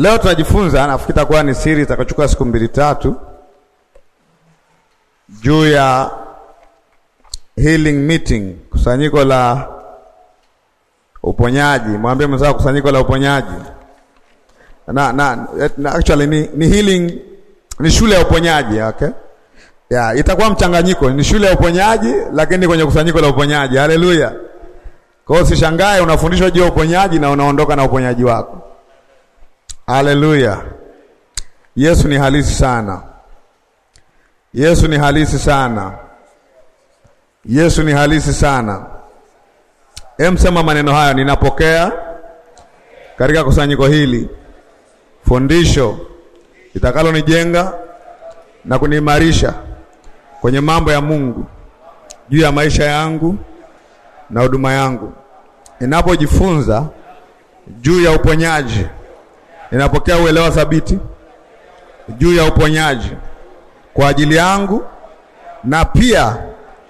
Leo tunajifunza, nafikiri itakuwa ni siri itakayochukua siku mbili tatu, juu ya healing meeting, kusanyiko la uponyaji. Mwambie mzao, kusanyiko la uponyaji na, na, na actually ni, ni healing ni shule ya uponyaji okay? Yeah, itakuwa mchanganyiko, ni shule ya uponyaji lakini kwenye kusanyiko la uponyaji. Haleluya! Kwa hiyo usishangae unafundishwa juu ya uponyaji na unaondoka na uponyaji wako. Haleluya! Yesu ni halisi sana. Yesu ni halisi sana. Yesu ni halisi sana. sema maneno hayo, ninapokea katika kusanyiko hili fundisho litakalonijenga na kuniimarisha kwenye mambo ya Mungu juu ya maisha yangu na huduma yangu, ninapojifunza juu ya uponyaji Ninapokea uelewa thabiti juu ya uponyaji kwa ajili yangu na pia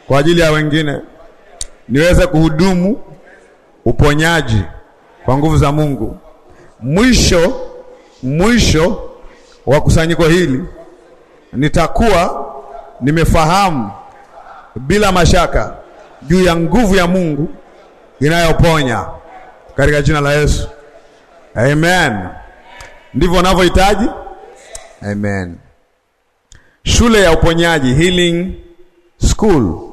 kwa ajili ya wengine, niweze kuhudumu uponyaji kwa nguvu za Mungu. Mwisho mwisho wa kusanyiko hili nitakuwa nimefahamu bila mashaka juu ya nguvu ya Mungu inayoponya katika jina la Yesu. Amen ndivyo wanavyohitaji. Amen. Shule ya uponyaji healing school,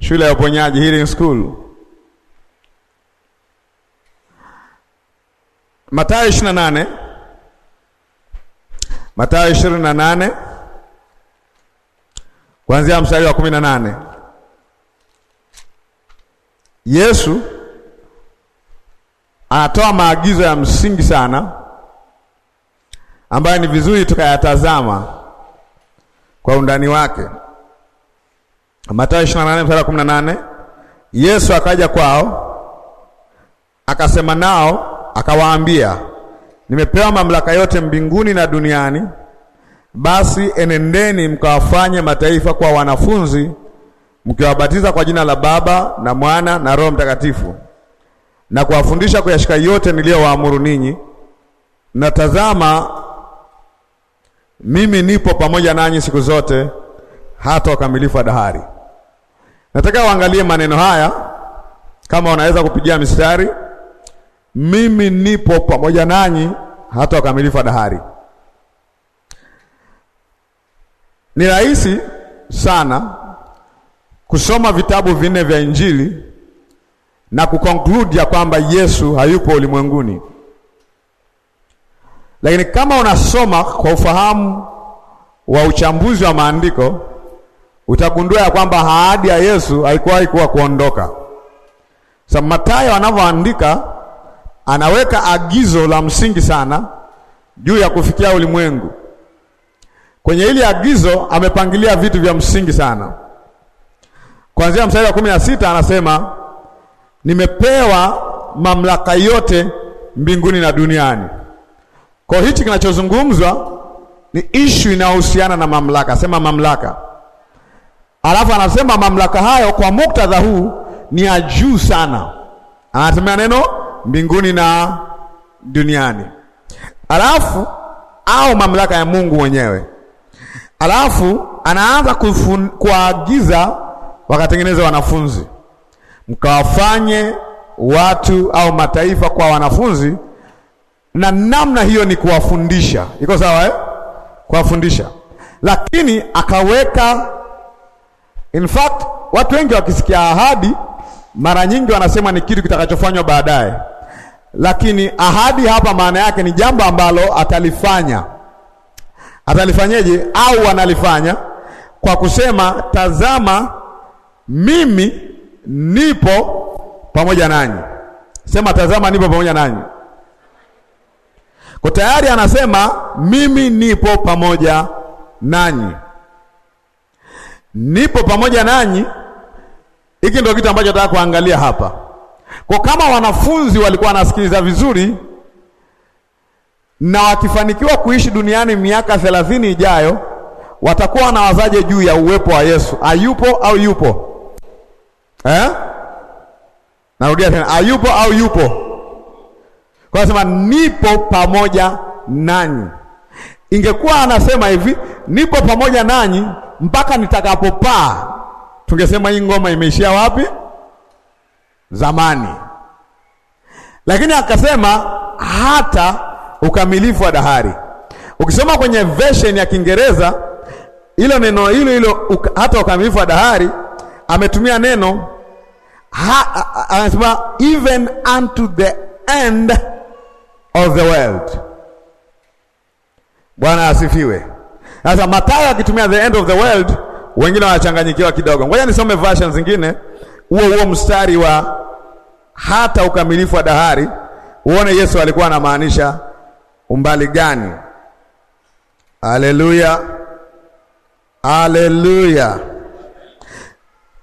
shule ya uponyaji healing school. Mathayo 28, Mathayo 28 kuanzia mstari wa 18. Yesu anatoa maagizo ya msingi sana ambayo ni vizuri tukayatazama kwa undani wake. Mathayo 28 mstari wa 18, Yesu akaja kwao akasema nao akawaambia, nimepewa mamlaka yote mbinguni na duniani. Basi enendeni mkawafanye mataifa kwa wanafunzi, mkiwabatiza kwa jina la Baba na Mwana na Roho Mtakatifu na kuwafundisha kuyashika yote niliyowaamuru ninyi, na tazama, mimi nipo pamoja nanyi siku zote hata ukamilifu wa dahari. Nataka waangalie maneno haya, kama wanaweza kupigia mistari. Mimi nipo pamoja nanyi hata ukamilifu wa dahari. Ni rahisi sana kusoma vitabu vinne vya Injili na kukonkludia ya kwamba Yesu hayupo ulimwenguni. Lakini kama unasoma kwa ufahamu wa uchambuzi wa maandiko utagundua ya kwamba ahadi ya Yesu haikuwahi kuwa kuondoka. Sasa Mathayo anavyoandika anaweka agizo la msingi sana juu ya kufikia ulimwengu. Kwenye hili agizo amepangilia vitu vya msingi sana. Kuanzia mstari wa kumi na sita anasema nimepewa mamlaka yote mbinguni na duniani. Kwa hichi kinachozungumzwa ni ishu inayohusiana na mamlaka, sema mamlaka. Alafu anasema mamlaka hayo kwa muktadha huu ni ya juu sana, anatumia neno mbinguni na duniani, alafu au mamlaka ya Mungu mwenyewe. Alafu anaanza kuagiza wakatengeneza wanafunzi mkawafanye watu au mataifa kwa wanafunzi, na namna hiyo ni kuwafundisha. Iko sawa eh? Kuwafundisha, lakini akaweka in fact, watu wengi wakisikia ahadi mara nyingi wanasema ni kitu kitakachofanywa baadaye, lakini ahadi hapa maana yake ni jambo ambalo atalifanya. Atalifanyeje? Au wanalifanya kwa kusema, tazama mimi nipo pamoja nanyi. Sema, tazama nipo pamoja nanyi. Kwa tayari anasema mimi nipo pamoja nanyi, nipo pamoja nanyi. Hiki ndio kitu ambacho nataka kuangalia hapa. Kwa kama wanafunzi walikuwa wanasikiliza vizuri na wakifanikiwa kuishi duniani miaka thelathini ijayo, watakuwa wanawazaje juu ya uwepo wa Yesu? Ayupo au yupo? eh? Narudia tena, ayupo au yupo? Kwa sema nipo pamoja nanyi. Ingekuwa anasema hivi, nipo pamoja nanyi mpaka nitakapopaa, tungesema hii ngoma imeishia wapi? Zamani. Lakini akasema hata ukamilifu wa dahari. Ukisoma kwenye version ya Kiingereza, hilo neno hilo hilo hata ukamilifu wa dahari ametumia neno anasema even unto the end of the world. Bwana asifiwe. Sasa Mathayo akitumia the end of the world, wengine wanachanganyikiwa kidogo. Ngoja nisome version zingine, huo huo mstari wa hata ukamilifu wa dahari, uone Yesu alikuwa anamaanisha umbali gani? Haleluya, haleluya.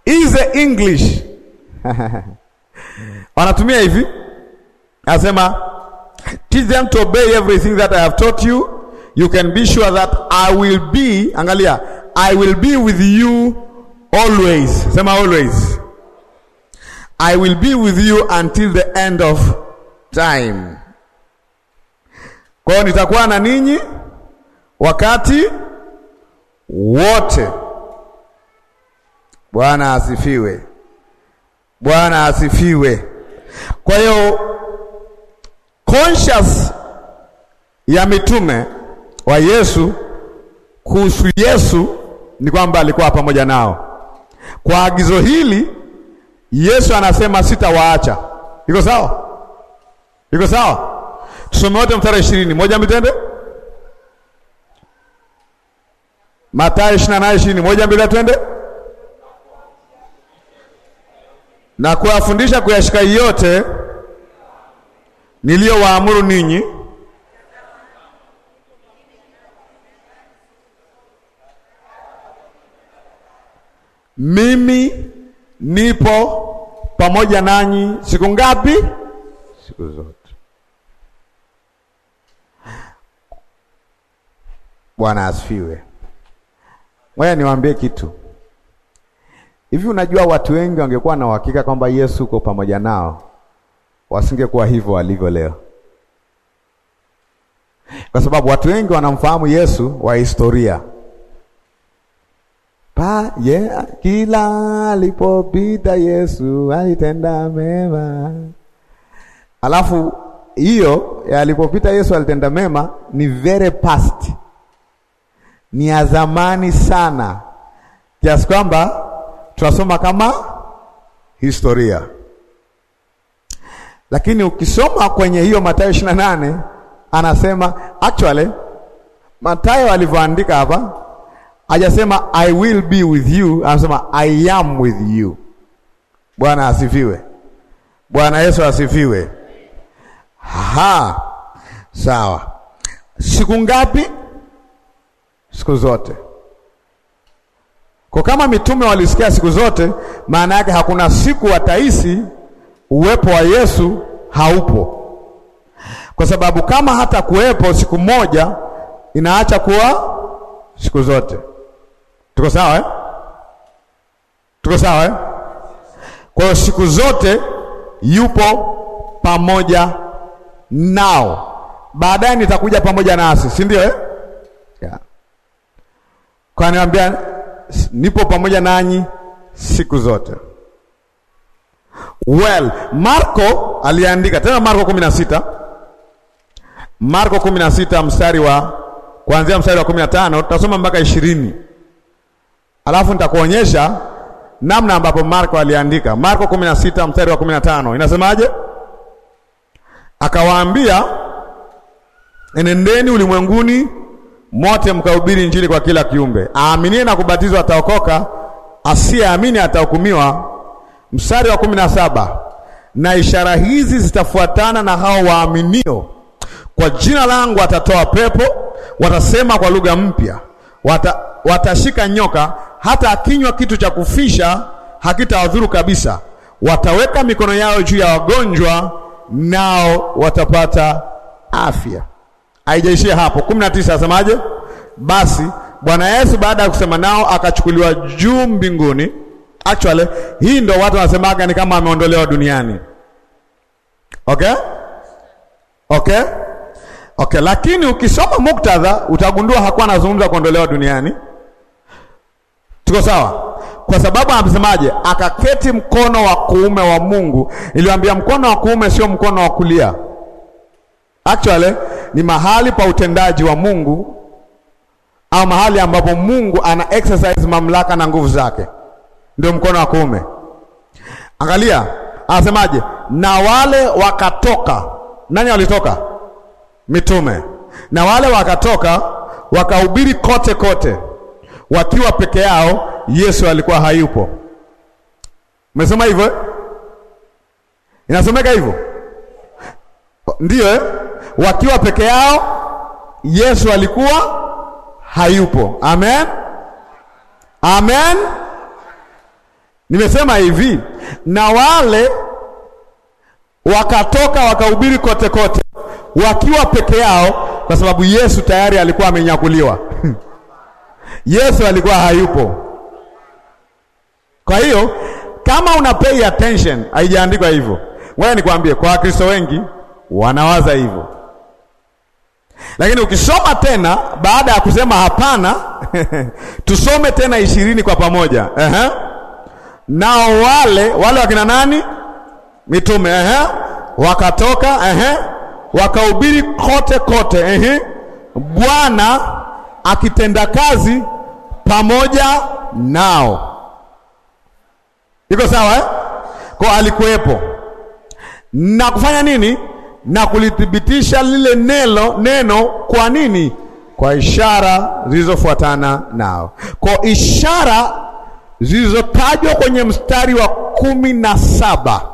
Is the English wanatumia hivi, anasema teach them to obey everything that I have taught you you can be sure that I will be, angalia, I will be with you always. Sema always. I will be with you until the end of time. Kwa hiyo nitakuwa na ninyi wakati wote. Bwana asifiwe. Bwana asifiwe. Kwa hiyo conscious ya mitume wa Yesu kuhusu Yesu ni kwamba alikuwa pamoja nao. Kwa agizo hili Yesu anasema sitawaacha. Iko sawa? Iko sawa? Tusome wote mstari ishirini moja mitende Mathayo ishirini na nane ishirini moja mbili, twende na kuwafundisha kuyashika yote niliyowaamuru ninyi, mimi nipo pamoja nanyi siku ngapi? Siku zote. Bwana asifiwe. Ngoja niwaambie kitu. Hivi unajua watu wengi wangekuwa na uhakika kwamba Yesu uko pamoja nao, wasingekuwa hivyo walivyo leo, kwa sababu watu wengi wanamfahamu Yesu wa historia pa ye, kila alipopita Yesu alitenda mema. Alafu hiyo alipopita Yesu alitenda mema ni very past, ni ya zamani sana, kiasi kwamba tunasoma kama historia, lakini ukisoma kwenye hiyo Mathayo 28 anasema actually, Mathayo alivyoandika hapa hajasema I will be with you, anasema I am with you. Bwana asifiwe. Bwana Yesu asifiwe. Ha, sawa. Siku ngapi? Siku zote. Kwa kama mitume walisikia siku zote, maana yake hakuna siku watahisi uwepo wa Yesu haupo, kwa sababu kama hata kuwepo siku moja inaacha kuwa siku zote. Tuko sawa eh? Tuko sawa eh? Kwa hiyo siku zote yupo pamoja nao, baadaye nitakuja pamoja nasi, si ndio eh? Yeah. Kwa niambia nipo pamoja nanyi siku zote. Well, Marko aliandika tena, Marko kumi na sita Marko kumi na sita mstari wa kuanzia mstari wa kumi na tano tutasoma mpaka ishirini alafu nitakuonyesha namna ambapo Marko aliandika. Marko kumi na sita mstari wa kumi na tano inasemaje? Akawaambia, enendeni ulimwenguni mote mkahubiri Injili kwa kila kiumbe. Aaminie na kubatizwa ataokoka, asiyeamini atahukumiwa. Mstari wa kumi na saba, na ishara hizi zitafuatana na hao waaminio, kwa jina langu watatoa pepo, watasema kwa lugha mpya, wata, watashika nyoka, hata akinywa kitu cha kufisha hakitawadhuru kabisa, wataweka mikono yao juu ya wagonjwa, nao watapata afya. Haijaishia hapo. kumi na tisa asemaje? Basi Bwana Yesu baada ya kusema nao akachukuliwa juu mbinguni. Actually, hii ndio watu wanasemaga ni kama ameondolewa duniani. Okay? Okay? Okay, lakini ukisoma muktadha utagundua hakuwa anazungumza kuondolewa duniani. Tuko sawa? Kwa sababu anasemaje? Akaketi mkono wa kuume wa Mungu. Iliwaambia mkono wa kuume sio mkono wa kulia. Actually ni mahali pa utendaji wa Mungu au mahali ambapo Mungu ana exercise mamlaka na nguvu zake, ndio mkono wa kuume. Angalia anasemaje, na wale wakatoka. Nani walitoka? Mitume. Na wale wakatoka wakahubiri kote kote, wakiwa peke yao, Yesu alikuwa hayupo. Umesema hivyo, inasomeka hivyo, ndiyo eh? wakiwa peke yao, Yesu alikuwa hayupo. Amen, amen. Nimesema hivi, na wale wakatoka wakahubiri kote kote wakiwa peke yao, kwa sababu Yesu tayari alikuwa amenyakuliwa. Yesu alikuwa hayupo. Kwa hiyo kama una pay attention, haijaandikwa hivyo. Wewe nikwambie, kwa Wakristo wengi wanawaza hivyo. Lakini ukisoma tena baada ya kusema hapana tusome tena ishirini kwa pamoja. -huh. Nao wale wale wakina nani? Mitume. -huh. Wakatoka. -huh. Wakahubiri kote kote. -huh. Bwana akitenda kazi pamoja nao. Iko sawa eh? Kwa alikuwepo na kufanya nini? na kulithibitisha lile neno, neno kwa nini? Kwa ishara zilizofuatana nao. Kwa ishara zilizotajwa kwenye mstari wa kumi na saba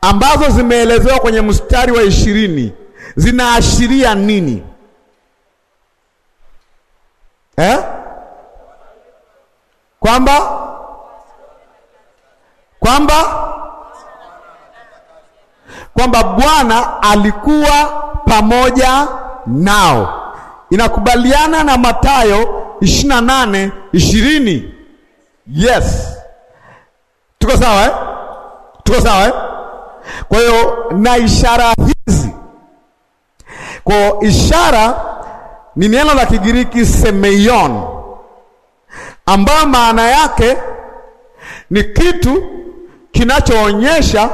ambazo zimeelezewa kwenye mstari wa ishirini zinaashiria nini eh? Kwamba kwamba kwamba Bwana alikuwa pamoja nao, inakubaliana na Mathayo 28 20. Yes, tuko sawa eh? Tuko sawa eh? Kwa hiyo na ishara hizi, kwa ishara ni neno la Kigiriki semeion, ambayo maana yake ni kitu kinachoonyesha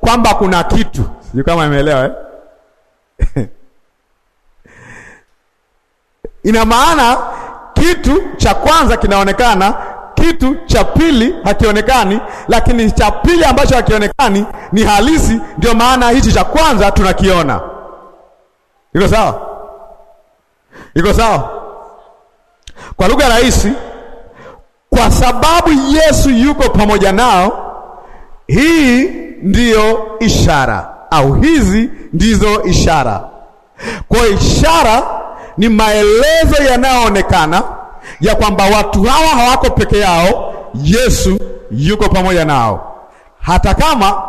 kwamba kuna kitu, sijui kama imeelewa eh? Ina maana kitu cha kwanza kinaonekana, kitu cha pili hakionekani, lakini cha pili ambacho hakionekani ni halisi. Ndio maana hichi cha kwanza tunakiona. Iko sawa? Iko sawa? Kwa lugha rahisi, kwa sababu Yesu yuko pamoja nao, hii ndiyo ishara au hizi ndizo ishara. Kwa ishara ni maelezo yanayoonekana ya kwamba watu hawa hawako peke yao, Yesu yuko pamoja nao hata kama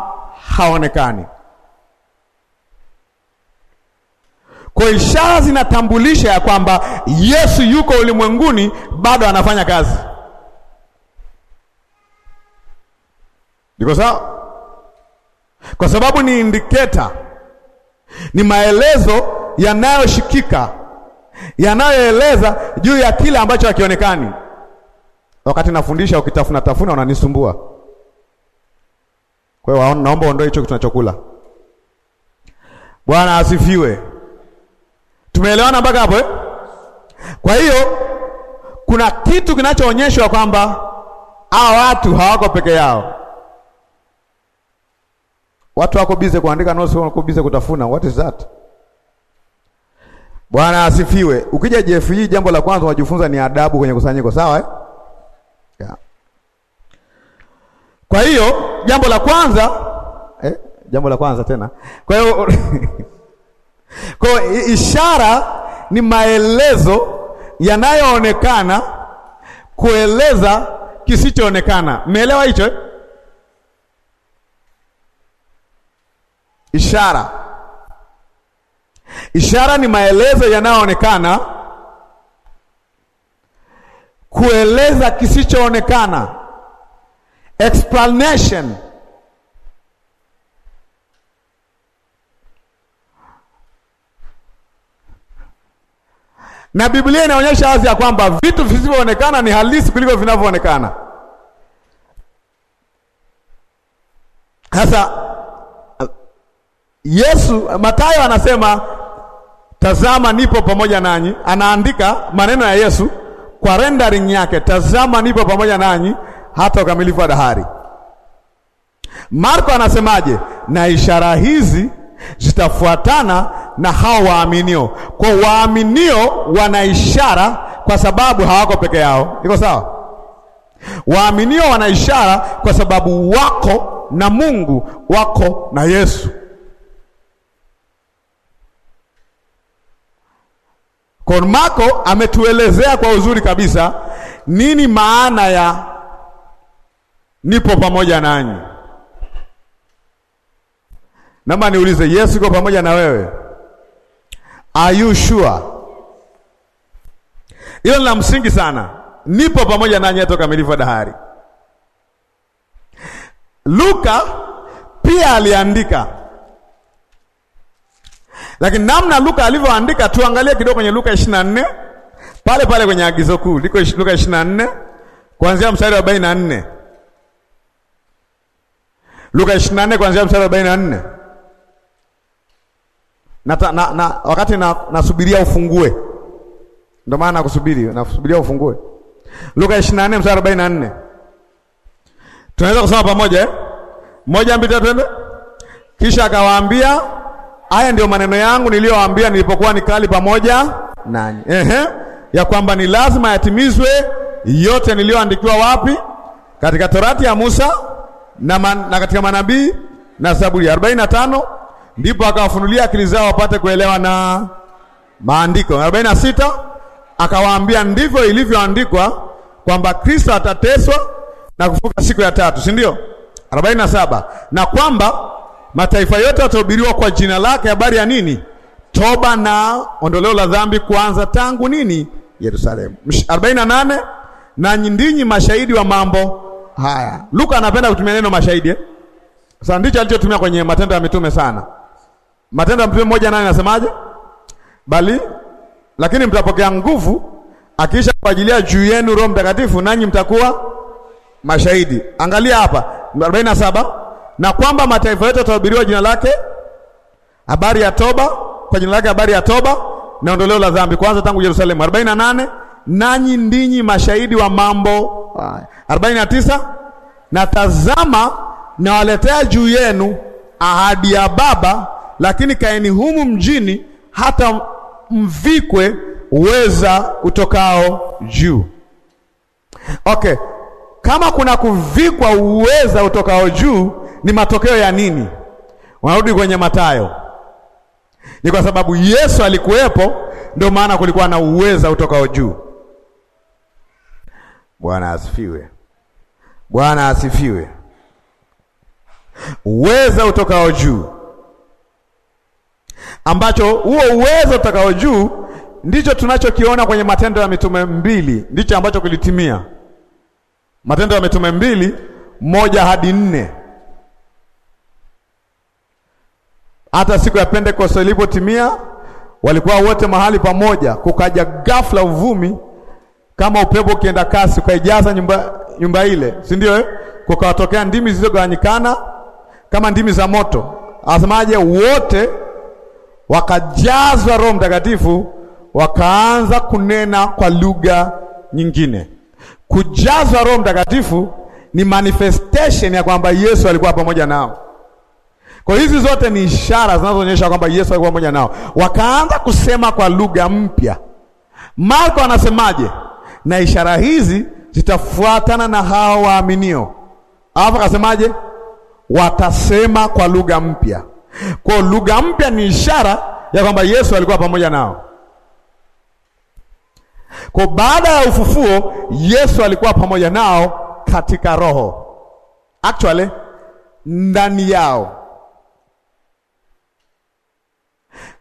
haonekani. Kwa ishara zinatambulisha ya kwamba Yesu yuko ulimwenguni, bado anafanya kazi. Ndiko sawa? kwa sababu ni indiketa, ni maelezo yanayoshikika yanayoeleza juu ya kile ambacho hakionekani. Wakati nafundisha ukitafuna tafuna unanisumbua. Kwa hiyo naomba ondoe hicho kitu tunachokula. Bwana asifiwe. Tumeelewana mpaka hapo eh? Kwa hiyo kuna kitu kinachoonyeshwa kwamba hawa watu hawako peke yao. Watu wako bize kuandika notes, wako bize kutafuna. What is that? Bwana asifiwe. Ukija JFE, jambo la kwanza unajifunza ni adabu kwenye kusanyiko, sawa eh? Yeah. Kwa hiyo jambo la kwanza eh, jambo la kwanza tena. Kwa hiyo kwa ishara ni maelezo yanayoonekana kueleza kisichoonekana. Umeelewa hicho eh? Ishara. Ishara ni maelezo yanayoonekana kueleza kisichoonekana, explanation. Na Biblia inaonyesha wazi ya kwamba vitu visivyoonekana ni halisi kuliko vinavyoonekana. Sasa Yesu Mathayo anasema tazama nipo pamoja nanyi, anaandika maneno ya Yesu kwa rendering yake, tazama nipo pamoja nanyi hata ukamilifu wa dahari. Marko anasemaje? Na ishara hizi zitafuatana na hao waaminio. Kwa waaminio wana ishara, kwa sababu hawako peke yao. Iko sawa? Waaminio wana ishara kwa sababu wako na Mungu, wako na Yesu. Marko ametuelezea kwa uzuri kabisa nini maana ya nipo pamoja nanyi. Naomba niulize, Yesu yuko pamoja na wewe? Are you sure? Hilo ni la msingi sana. Nipo pamoja nanyi hata ukamilifu wa dahari. Luka pia aliandika lakini namna Luka alivyoandika, tuangalie kidogo kwenye Luka 24 pale pale kwenye agizo kuu liko Luka 24 kuanzia mstari wa 44. Luka 24 kuanzia mstari wa 44. Na, na, na wakati na, nasubiria ufungue, ndio maana nakusubiri, nasubiria ufungue Luka 24 mstari 44. Tunaweza kusoma pamoja eh? Moja mbili tatu. Kisha akawaambia Haya ndio maneno yangu niliyowaambia nilipokuwa nikali pamoja nanyi, ehe, ya kwamba ni lazima yatimizwe yote niliyoandikiwa wapi? Katika Torati ya Musa na, man, na katika manabii na Zaburi ya 45. Ndipo akawafunulia akili zao wapate kuelewa na maandiko. 46 akawaambia ndivyo ilivyoandikwa kwamba Kristo atateswa na kufuka siku ya tatu, si ndio? 47 na kwamba mataifa yote watahubiriwa kwa jina lake habari ya nini? Toba na ondoleo la dhambi, kuanza tangu nini? Yerusalemu. 48 na nyindinyi mashahidi wa mambo haya. Luka anapenda kutumia neno mashahidi eh? Sasa ndicho alichotumia kwenye Matendo ya Mitume sana. Matendo ya Mitume moja nane nasemaje? Bali lakini mtapokea nguvu akiisha kuajilia juu yenu Roho Mtakatifu, nanyi mtakuwa mashahidi. Angalia hapa 47 na kwamba mataifa yote yatahubiriwa jina lake, habari ya toba, kwa jina lake habari ya toba na ondoleo la dhambi, kwanza tangu Yerusalemu. 48 nanyi ndinyi mashahidi wa mambo haya. 49 na tazama, nawaletea juu yenu ahadi ya Baba, lakini kaeni humu mjini hata mvikwe uweza utokao juu. Okay, kama kuna kuvikwa uweza utokao juu ni matokeo ya nini? Wanarudi kwenye Mathayo. Ni kwa sababu Yesu alikuwepo, ndio maana kulikuwa na uweza utokao juu. Bwana asifiwe. Bwana asifiwe. Uweza utokao juu, ambacho huo uweza utokao juu ndicho tunachokiona kwenye Matendo ya Mitume mbili, ndicho ambacho kilitimia Matendo ya Mitume mbili moja hadi nne. Hata siku ya Pentekoste ilipotimia, walikuwa wote mahali pamoja, kukaja ghafla uvumi kama upepo ukienda kasi ukaijaza nyumba, nyumba ile, si ndio eh? Kukawatokea ndimi zilizogawanyikana kama ndimi za moto, asemaje? Wote wakajazwa Roho Mtakatifu, wakaanza kunena kwa lugha nyingine. Kujazwa Roho Mtakatifu ni manifestation ya kwamba Yesu alikuwa pamoja nao. Kwa hizi zote ni ishara zinazoonyesha kwamba Yesu alikuwa pamoja nao. Wakaanza kusema kwa lugha mpya. Marko anasemaje? Na ishara hizi zitafuatana na hao waaminio. Alafu akasemaje? Watasema kwa lugha mpya. Kwa lugha mpya ni ishara ya kwamba Yesu alikuwa pamoja nao. Kwa baada ya ufufuo, Yesu alikuwa pamoja nao katika roho. Actually ndani yao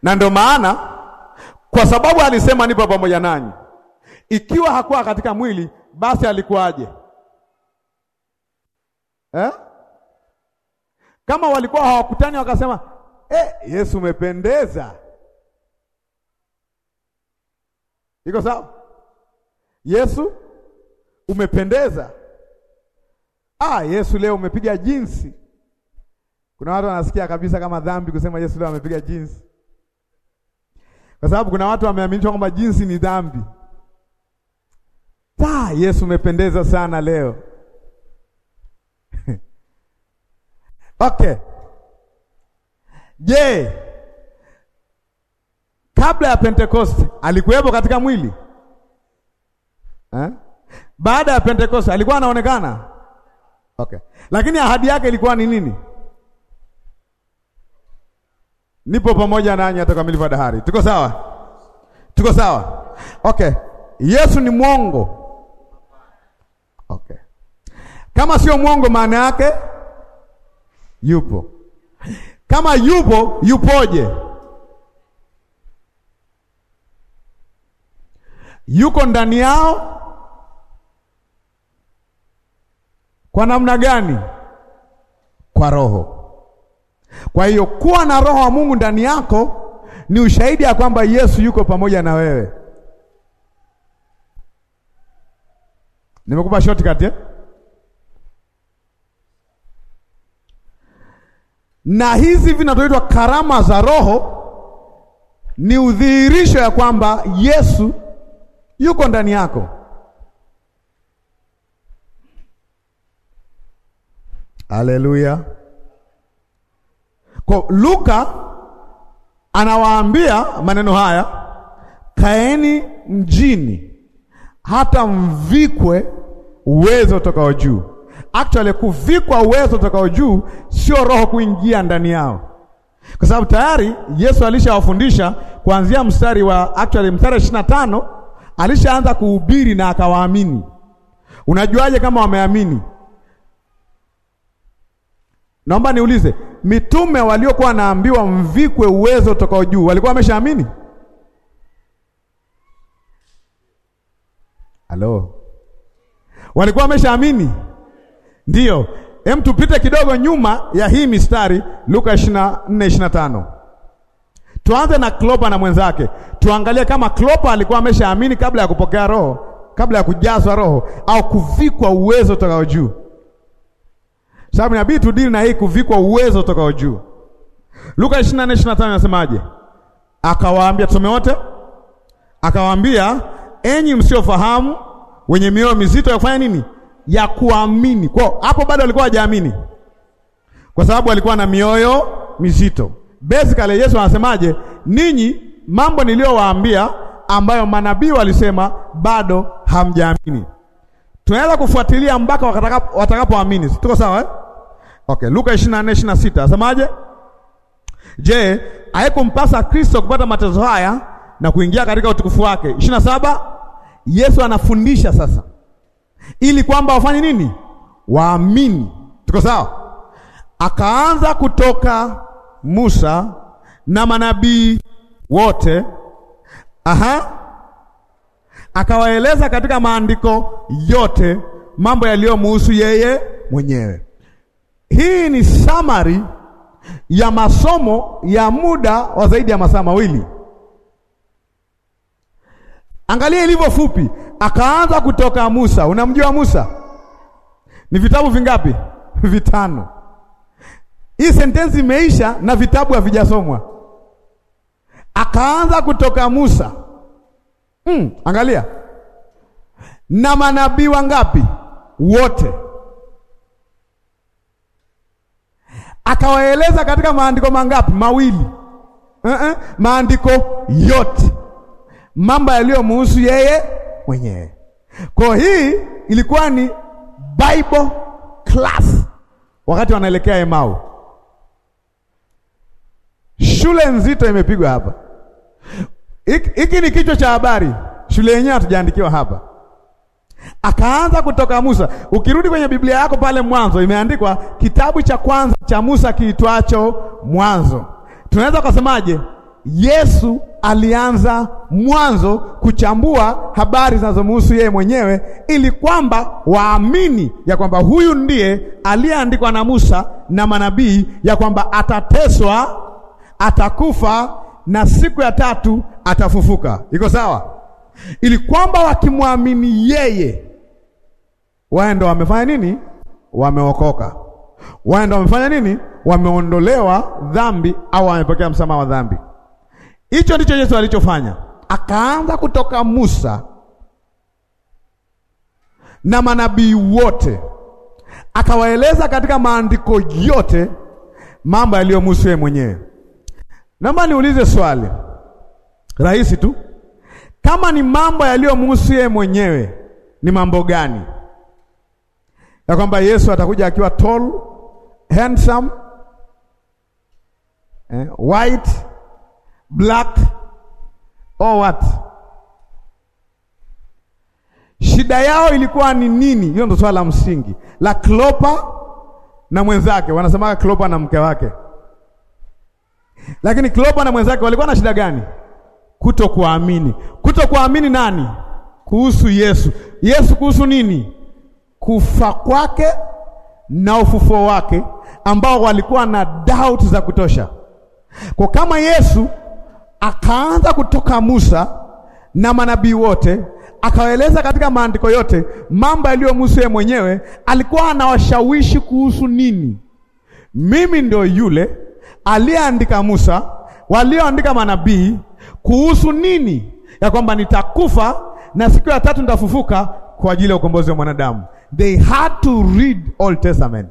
na ndio maana kwa sababu alisema nipo pamoja nanyi, ikiwa hakuwa katika mwili, basi alikuwaje eh? Kama walikuwa hawakutani wakasema eh, Yesu umependeza, iko sawa? Yesu umependeza. Ah, Yesu leo umepiga jinsi. Kuna watu wanasikia kabisa kama dhambi kusema Yesu leo amepiga jinsi kwa sababu kuna watu wameaminishwa kwamba jinsi ni dhambi. Ta, Yesu umependeza sana leo. Okay. Je, kabla ya Pentekoste alikuwepo katika mwili eh? Baada ya Pentekoste alikuwa anaonekana okay, lakini ahadi yake ilikuwa ni nini? nipo pamoja nanyi hata kamilifu dahari. Tuko sawa? Tuko sawa? Okay. Yesu ni mwongo? Okay. Kama sio mwongo, maana yake yupo. Kama yupo, yupoje? Yuko ndani yao kwa namna gani? Kwa Roho. Kwa hiyo kuwa na roho wa Mungu ndani yako ni ushahidi ya kwamba Yesu yuko pamoja na wewe. Nimekupa shortcut eh? Na hizi vinatoitwa karama za Roho ni udhihirisho ya kwamba Yesu yuko ndani yako. Haleluya. Kwa Luka anawaambia maneno haya, kaeni mjini hata mvikwe uwezo utokao juu. Actually, kuvikwa uwezo utokao juu sio roho kuingia ndani yao, kwa sababu tayari Yesu alishawafundisha kuanzia mstari wa actually mstari ishirini na tano alishaanza kuhubiri na akawaamini. Unajuaje kama wameamini? Naomba niulize, mitume waliokuwa wanaambiwa mvikwe uwezo tokao juu walikuwa wameshaamini? Halo, walikuwa wameshaamini? Ndiyo. Hem, tupite kidogo nyuma ya hii mistari, Luka 24:25. Tuanze na Klopa na mwenzake, tuangalie kama Klopa alikuwa ameshaamini kabla ya kupokea roho, kabla ya kujazwa roho au kuvikwa uwezo tokao juu sababu inabidi tudili na hii kuvikwa uwezo utokao juu. Luka 24:25 inasemaje? Akawaambia, tusome wote. Akawaambia, enyi msiofahamu, wenye mioyo mizito ya kufanya nini? Ya kuamini. Kwa hapo bado walikuwa hajaamini. kwa sababu alikuwa na mioyo mizito. Basically Yesu anasemaje? Ninyi mambo niliyowaambia ambayo manabii walisema bado hamjaamini tunaweza kufuatilia mpaka watakapoamini. Tuko sawa eh? Okay, Luka 24:26 asemaje? Je, haikumpasa Kristo kupata mateso haya na kuingia katika utukufu wake? 27 Yesu anafundisha sasa, ili kwamba wafanye nini? Waamini. Tuko sawa? Akaanza kutoka Musa na manabii wote, aha akawaeleza katika maandiko yote mambo yaliyomuhusu yeye mwenyewe. Hii ni summary ya masomo ya muda wa zaidi ya masaa mawili. Angalia ilivyo fupi. Akaanza kutoka Musa. Unamjua Musa? Ni vitabu vingapi? Vitano. Hii sentensi imeisha na vitabu havijasomwa. Akaanza kutoka Musa Mm, angalia na manabii wangapi? Wote. Akawaeleza katika maandiko mangapi? Mawili. uh -uh. Maandiko yote mambo yaliyomuhusu yeye mwenyewe. Kwa hii ilikuwa ni Bible class wakati wanaelekea Emau. Shule nzito imepigwa hapa. Hiki ni kichwa cha habari, shule yenyewe hatujaandikiwa hapa. Akaanza kutoka Musa. Ukirudi kwenye Biblia yako pale Mwanzo imeandikwa kitabu cha kwanza cha Musa kiitwacho Mwanzo. Tunaweza kusemaje? Yesu alianza mwanzo kuchambua habari zinazomhusu yeye mwenyewe ili kwamba waamini ya kwamba huyu ndiye aliyeandikwa na Musa na manabii ya kwamba atateswa, atakufa na siku ya tatu atafufuka. Iko sawa? Ili kwamba wakimwamini yeye waenda wamefanya nini? Wameokoka. Waenda wamefanya nini? Wameondolewa dhambi au wamepokea msamaha wa dhambi. Hicho ndicho Yesu alichofanya. Akaanza kutoka Musa na manabii wote, akawaeleza katika maandiko yote mambo yaliyomhusu yeye mwenyewe. Naomba niulize swali rahisi tu, kama ni mambo yaliyomhusu yeye mwenyewe, ni mambo gani? Ya kwamba Yesu atakuja akiwa tall, handsome, eh, white, black or what? Shida yao ilikuwa ni nini? Hiyo ndio swala la msingi la Klopa na mwenzake, wanasemaga Klopa na mke wake lakini Klopa na mwenzake walikuwa na shida gani? Kutokuamini. Kutokuamini nani? Kuhusu Yesu. Yesu kuhusu nini? Kufa kwake na ufufuo wake, ambao walikuwa na doubt za kutosha. Kwa kama Yesu akaanza kutoka Musa na manabii wote akawaeleza katika maandiko yote mambo yaliyo yeye mwenyewe, alikuwa anawashawishi kuhusu nini? Mimi ndio yule aliyeandika Musa, walioandika manabii kuhusu nini? Ya kwamba nitakufa na siku ya tatu nitafufuka kwa ajili ya ukombozi wa mwanadamu. They had to read Old Testament.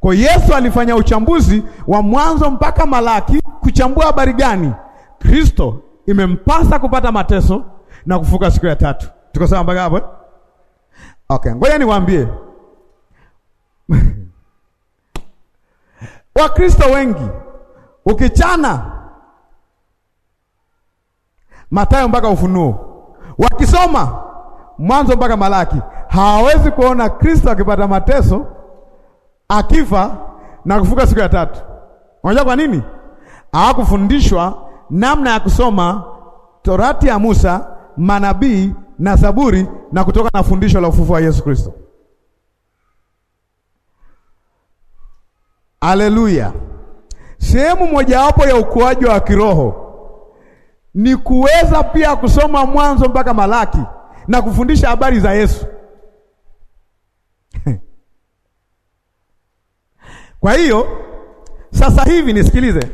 Kwa Yesu alifanya uchambuzi wa mwanzo mpaka Malaki kuchambua habari gani? Kristo imempasa kupata mateso na kufuka siku ya tatu. Tuko sawa mpaka hapo? Okay, ngoja niwaambie. Wakristo wengi ukichana Mathayo mpaka Ufunuo, wakisoma Mwanzo mpaka Malaki, hawawezi kuona Kristo akipata mateso, akifa na kufuka siku ya tatu. Unajua kwa nini? Hawakufundishwa namna ya kusoma Torati ya Musa, manabii na Zaburi na kutoka na fundisho la ufufu wa Yesu Kristo. aleluya Sehemu mojawapo ya ukuaji wa kiroho ni kuweza pia kusoma Mwanzo mpaka Malaki na kufundisha habari za Yesu. Kwa hiyo sasa hivi nisikilize.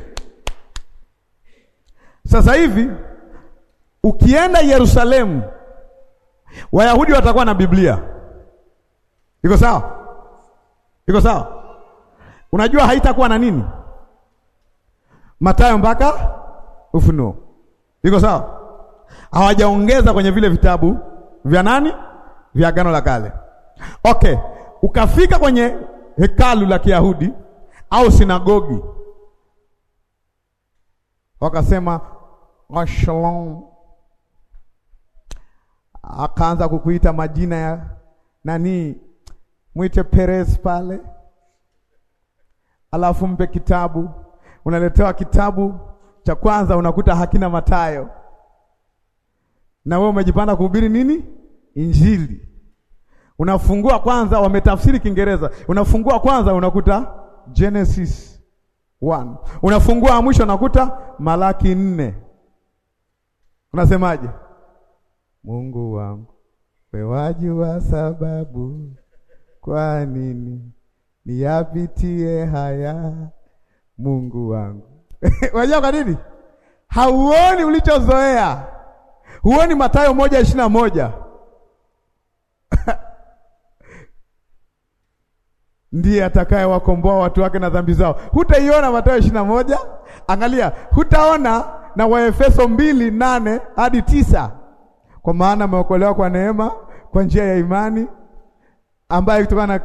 Sasa hivi ukienda Yerusalemu, Wayahudi watakuwa na Biblia. Iko sawa? Iko sawa? Unajua haitakuwa na nini? matayo mpaka Ufunuo. Iko sawa? Hawajaongeza kwenye vile vitabu vya nani? Vya Agano la Kale. Okay, ukafika kwenye hekalu la Kiyahudi au sinagogi, wakasema Shalom, akaanza kukuita majina ya nani, mwite Perez pale, alafu mpe kitabu unaletewa kitabu cha kwanza unakuta hakina Mathayo, na wewe umejipanda kuhubiri nini? Injili. Unafungua kwanza, wametafsiri Kiingereza. Unafungua kwanza unakuta Genesis 1, unafungua mwisho unakuta Malaki nne. Unasemaje? Mungu wangu wewe wa sababu kwa nini niyapitie haya Mungu wangu. Unajua kwa nini? Hauoni ulichozoea, huoni Mathayo moja ishirini na moja ndiye atakaye wakomboa watu wake na dhambi zao. Hutaiona Mathayo ishirini na moja angalia, hutaona na Waefeso mbili nane hadi tisa kwa maana ameokolewa kwa neema kwa njia ya imani ambayo kutokana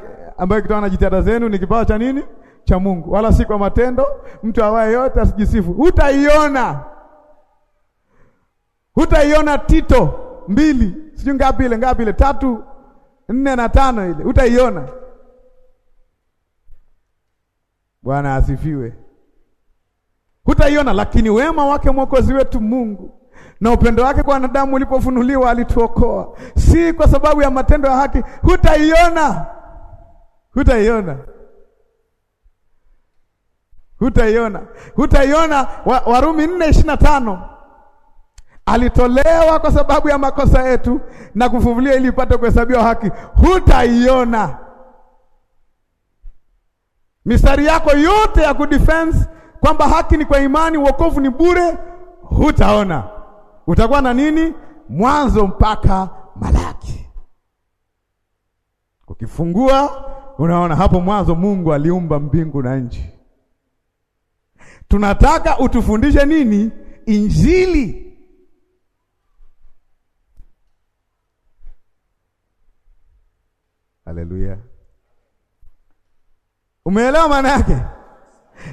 na jitihada zenu ni kipawa cha nini? cha Mungu, wala si kwa matendo. Mtu awaye yote asijisifu. Hutaiona, hutaiona Tito mbili sijui ngapi ile ngapi ile tatu nne na tano ile hutaiona. Bwana asifiwe. Hutaiona, lakini wema wake Mwokozi wetu Mungu na upendo wake kwa wanadamu ulipofunuliwa, alituokoa si kwa sababu ya matendo ya haki. Hutaiona, hutaiona. Hutaiona, hutaiona. Warumi nne ishirini na tano alitolewa kwa sababu ya makosa yetu na kufufuliwa ili ipate kuhesabiwa haki. Hutaiona. Mistari yako yote ya kudefense kwamba haki ni kwa imani, wokovu ni bure, hutaona. Utakuwa na nini? Mwanzo mpaka Malaki. Ukifungua unaona hapo mwanzo Mungu aliumba mbingu na nchi tunataka utufundishe nini? Injili. Haleluya, umeelewa maana yake?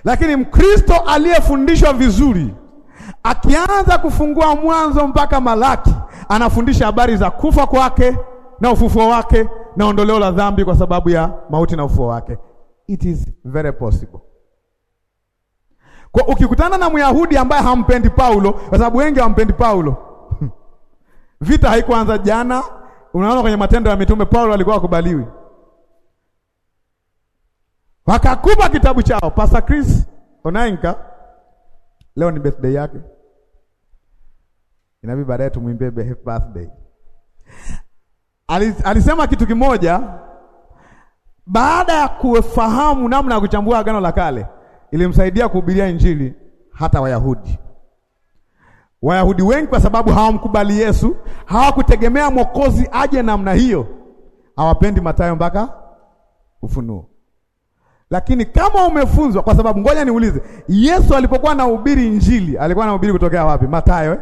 Lakini Mkristo aliyefundishwa vizuri akianza kufungua Mwanzo mpaka Malaki, anafundisha habari za kufa kwake na ufufuo wake na ondoleo la dhambi kwa sababu ya mauti na ufufuo wake. It is very possible. Kwa ukikutana na Myahudi ambaye hampendi Paulo, kwa sababu wengi hawampendi Paulo vita haikuanza jana. Unaona kwenye Matendo ya Mitume Paulo alikuwa akubaliwi, wakakupa kitabu chao. Pastor Chris Onainka, leo ni birthday yake, inabidi baadaye tumwimbie happy birthday. alisema kitu kimoja baada ya kufahamu namna ya kuchambua Agano la Kale ilimsaidia kuhubiria Injili hata Wayahudi. Wayahudi wengi kwa sababu hawamkubali Yesu, hawakutegemea mwokozi aje namna hiyo, hawapendi Mathayo mpaka Ufunuo. Lakini kama umefunzwa, kwa sababu ngoja niulize, Yesu alipokuwa anahubiri Injili alikuwa anahubiri kutokea wapi? Mathayo eh?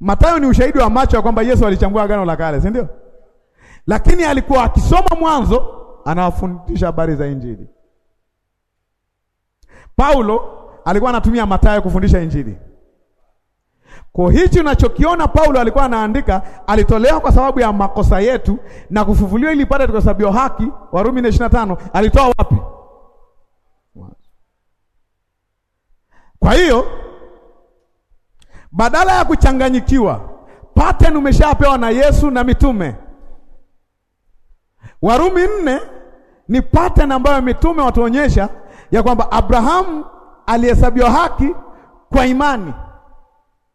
Mathayo ni ushahidi wa macho ya kwamba Yesu alichambua agano la kale, si ndio? Lakini alikuwa akisoma Mwanzo, anawafundisha habari za Injili. Paulo alikuwa anatumia Mathayo kufundisha Injili. Kwa hichi unachokiona Paulo alikuwa anaandika, alitolewa kwa sababu ya makosa yetu na kufufuliwa ili pate tukahesabiwa haki, Warumi 25. Alitoa wapi? Kwa hiyo badala ya kuchanganyikiwa, pattern umeshapewa na Yesu na mitume. Warumi nne ni pattern ambayo mitume watuonyesha ya kwamba Abrahamu alihesabiwa haki kwa imani.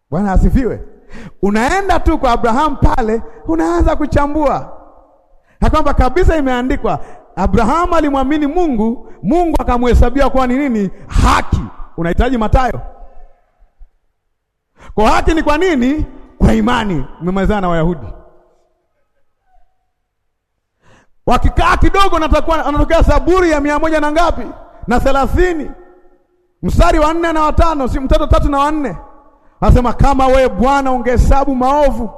Bwana asifiwe. Unaenda tu kwa Abrahamu pale, unaanza kuchambua ya kwamba kabisa imeandikwa Abrahamu alimwamini Mungu, Mungu akamhesabia kuwa ni nini? Haki. Unahitaji Mathayo kwa haki ni kwa nini? Kwa imani. Umemalizana na Wayahudi wakikaa kidogo, anatokea saburi ya mia moja na ngapi? na thelathini mstari wa nne na watano si mtoto tatu na wanne anasema kama we Bwana ungehesabu maovu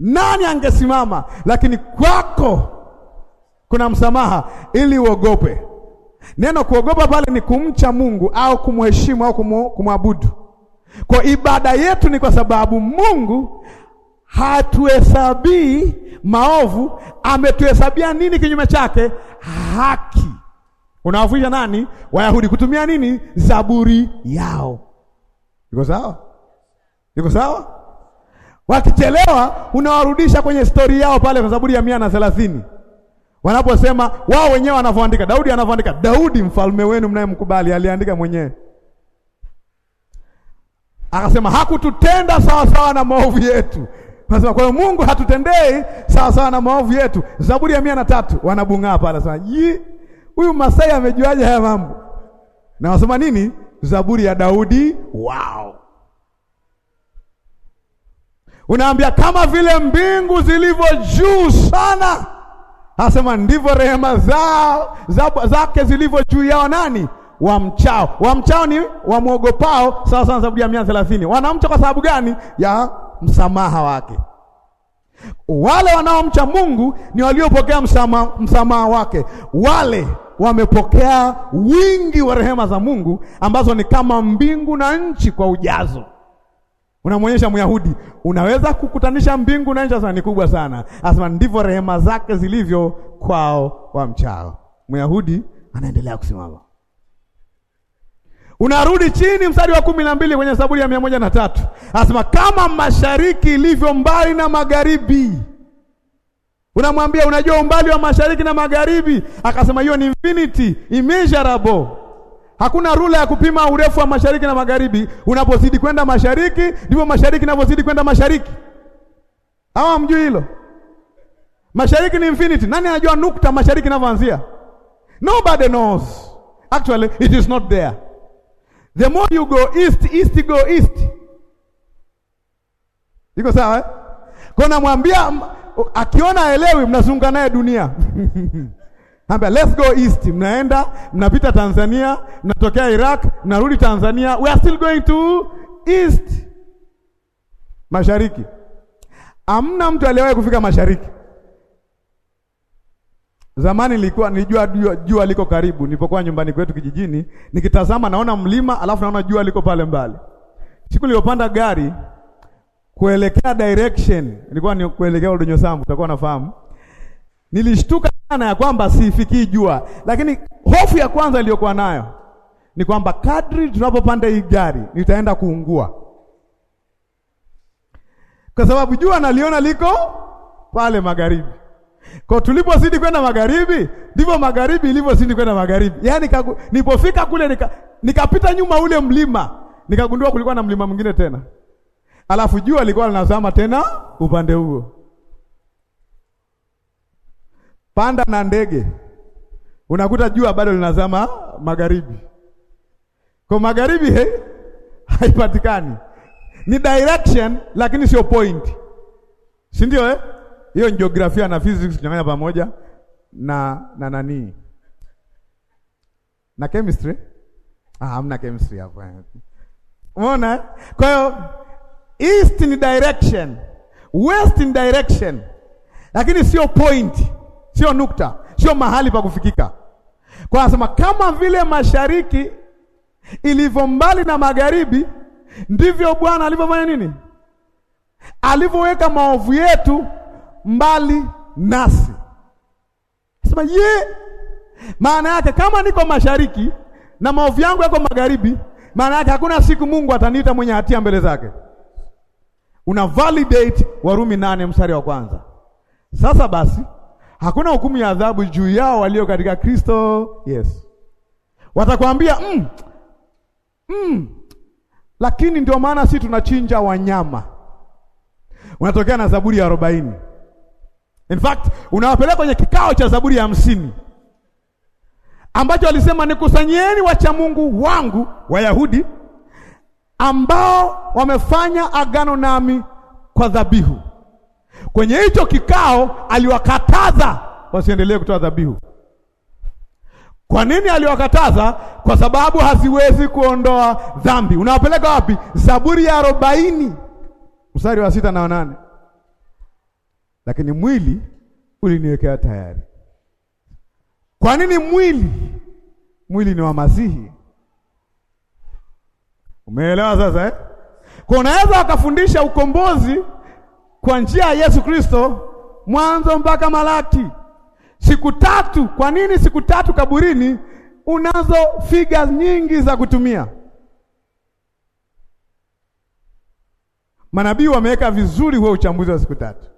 nani angesimama, lakini kwako kuna msamaha ili uogope. Neno kuogopa pale ni kumcha Mungu au kumheshimu au kumwabudu. Kwa ibada yetu ni kwa sababu Mungu hatuhesabii maovu, ametuhesabia nini kinyume chake? Haki unawavuisha nani? Wayahudi kutumia nini? Zaburi yao. Iko sawa? Iko sawa? Wakichelewa unawarudisha kwenye stori yao pale kwa Zaburi ya mia na thelathini wanaposema wao wenyewe wanavyoandika, Daudi anavyoandika, Daudi mfalme wenu mnayemkubali aliandika mwenyewe, akasema hakututenda sawasawa na maovu yetu. Anasema kwa hiyo Mungu hatutendei sawasawa na maovu yetu. Zaburi ya mia na tatu wanabung'aa pale, anasema huyu Masai amejuaje haya mambo? Na wasoma nini? Zaburi ya Daudi. Wow, unaambia kama vile mbingu zilivyo juu sana, asema ndivyo rehema zao zake zilivyo juu yao nani wamchao, wamchao ni wamwogopao, sawa sawa. Zaburi ya mia thelathini. Wanamcha kwa sababu gani? Ya msamaha wake. Wale wanaomcha Mungu ni waliopokea msamaha, msamaha wake. Wale wamepokea wingi wa rehema za Mungu ambazo ni kama mbingu na nchi kwa ujazo. Unamwonyesha Myahudi, unaweza kukutanisha mbingu na nchi, asema ni kubwa sana, asema ndivyo rehema zake zilivyo kwao wa mchao. Myahudi anaendelea kusimama. Unarudi chini mstari wa kumi na mbili kwenye Zaburi ya mia moja na tatu asema kama mashariki ilivyo mbali na magharibi Unamwambia unajua umbali wa mashariki na magharibi, akasema hiyo ni infinity, immeasurable. Hakuna rula ya kupima urefu wa mashariki na magharibi. Unapozidi kwenda mashariki, ndivyo mashariki inavyozidi kwenda mashariki. Hawa mjui hilo? Mashariki ni infinity. Nani anajua nukta mashariki inavyoanzia? Nobody knows. Actually, it is not there. The more you go east, east go east. Iko sawa eh? Kwa namwambia akiona aelewi, mnazunga naye dunia Ambia, let's go east, mnaenda mnapita Tanzania, mnatokea Iraq, mnarudi Tanzania, we are still going to east, mashariki. Amna mtu aliyewahi kufika mashariki. Zamani nilikuwa nijua jua, jua liko karibu. Nilipokuwa nyumbani kwetu kijijini, nikitazama naona mlima, alafu naona jua liko pale mbali. Siku niliyopanda gari kuelekea direction, ilikuwa ni kuelekea udonyo sangu, utakuwa nafahamu. Nilishtuka sana ya kwamba sifikii jua, lakini hofu ya kwanza iliyokuwa nayo ni kwamba kadri tunapopanda hii gari nitaenda kuungua, kwa sababu jua naliona liko pale magharibi. Kwa tulipozidi kwenda magharibi, ndivyo magharibi ilivyozidi kwenda magharibi. Yaani nilipofika kule nika, nikapita nyuma ule mlima, nikagundua kulikuwa na mlima mwingine tena alafu jua alikuwa linazama tena upande huo. Panda na ndege, unakuta jua bado linazama magharibi. Kwa magharibi he, haipatikani. Ni direction lakini sio point, si ndio eh? Hiyo ni jiografia na physics kuchanganya pamoja na na nani na chemistry. Ah, hamna chemistry hapo. Umeona? Kwa hiyo east ni direction, west ni direction, lakini sio point, sio nukta, sio mahali pa kufikika. Kwa anasema kama vile mashariki ilivyo mbali na magharibi, ndivyo Bwana alivyofanya nini, alivyoweka maovu yetu mbali nasi. Sema ye, maana yake kama niko mashariki na maovu yangu yako magharibi, maana yake hakuna siku Mungu ataniita mwenye hatia mbele zake una validate Warumi nane mstari wa kwanza. Sasa basi hakuna hukumu ya adhabu juu yao walio katika Kristo Yesu. Watakwambia mm, mm, lakini ndio maana si tunachinja wanyama. Unatokea na Zaburi ya arobaini. In fact, unawapeleka kwenye kikao cha Zaburi ya hamsini ambacho alisema, nikusanyieni wacha Mungu wangu Wayahudi ambao wamefanya agano nami kwa dhabihu. Kwenye hicho kikao aliwakataza wasiendelee kutoa dhabihu. Kwa nini aliwakataza? Kwa sababu haziwezi kuondoa dhambi. Unawapeleka wapi? Zaburi ya arobaini mstari wa sita na wanane lakini mwili uliniwekea tayari. Kwa nini mwili? Mwili ni wa Masihi, Umeelewa sasa eh? Kwa unaweza wakafundisha ukombozi kwa njia ya Yesu Kristo mwanzo mpaka Malaki, siku tatu. Kwa nini siku tatu kaburini? Unazo figa nyingi za kutumia. Manabii wameweka vizuri huo uchambuzi wa siku tatu.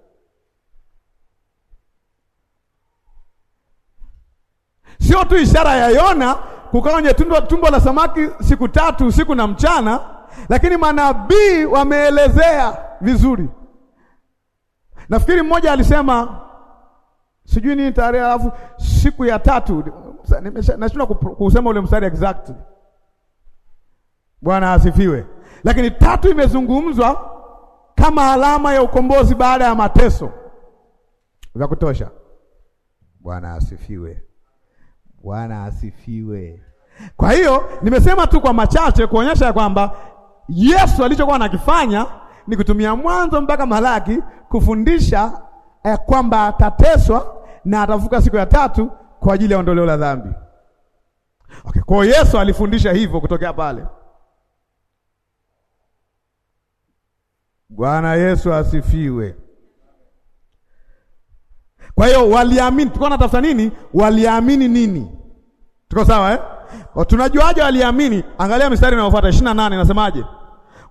Sio tu ishara ya Yona kukaa kwenye tumbo la samaki siku tatu usiku na mchana, lakini manabii wameelezea vizuri. Nafikiri mmoja alisema sijui nini tarehe, alafu siku ya tatu. Nashindwa kusema ule mstari exact. Bwana asifiwe. Lakini tatu imezungumzwa kama alama ya ukombozi baada ya mateso vya kutosha. Bwana asifiwe. Bwana asifiwe. Kwa hiyo nimesema tu kwa machache kuonyesha ya kwamba Yesu alichokuwa anakifanya ni kutumia Mwanzo mpaka Malaki kufundisha ya eh, kwamba atateswa na atavuka siku ya tatu kwa ajili ya ondoleo la dhambi. Okay, kwa Yesu alifundisha hivyo kutokea pale. Bwana Yesu asifiwe. Kwa hiyo waliamini, tulikuwa natafuta nini? Waliamini nini? Tuko sawa eh? Tunajuaje waliamini? Angalia mistari inayofuata 28 inasemaje?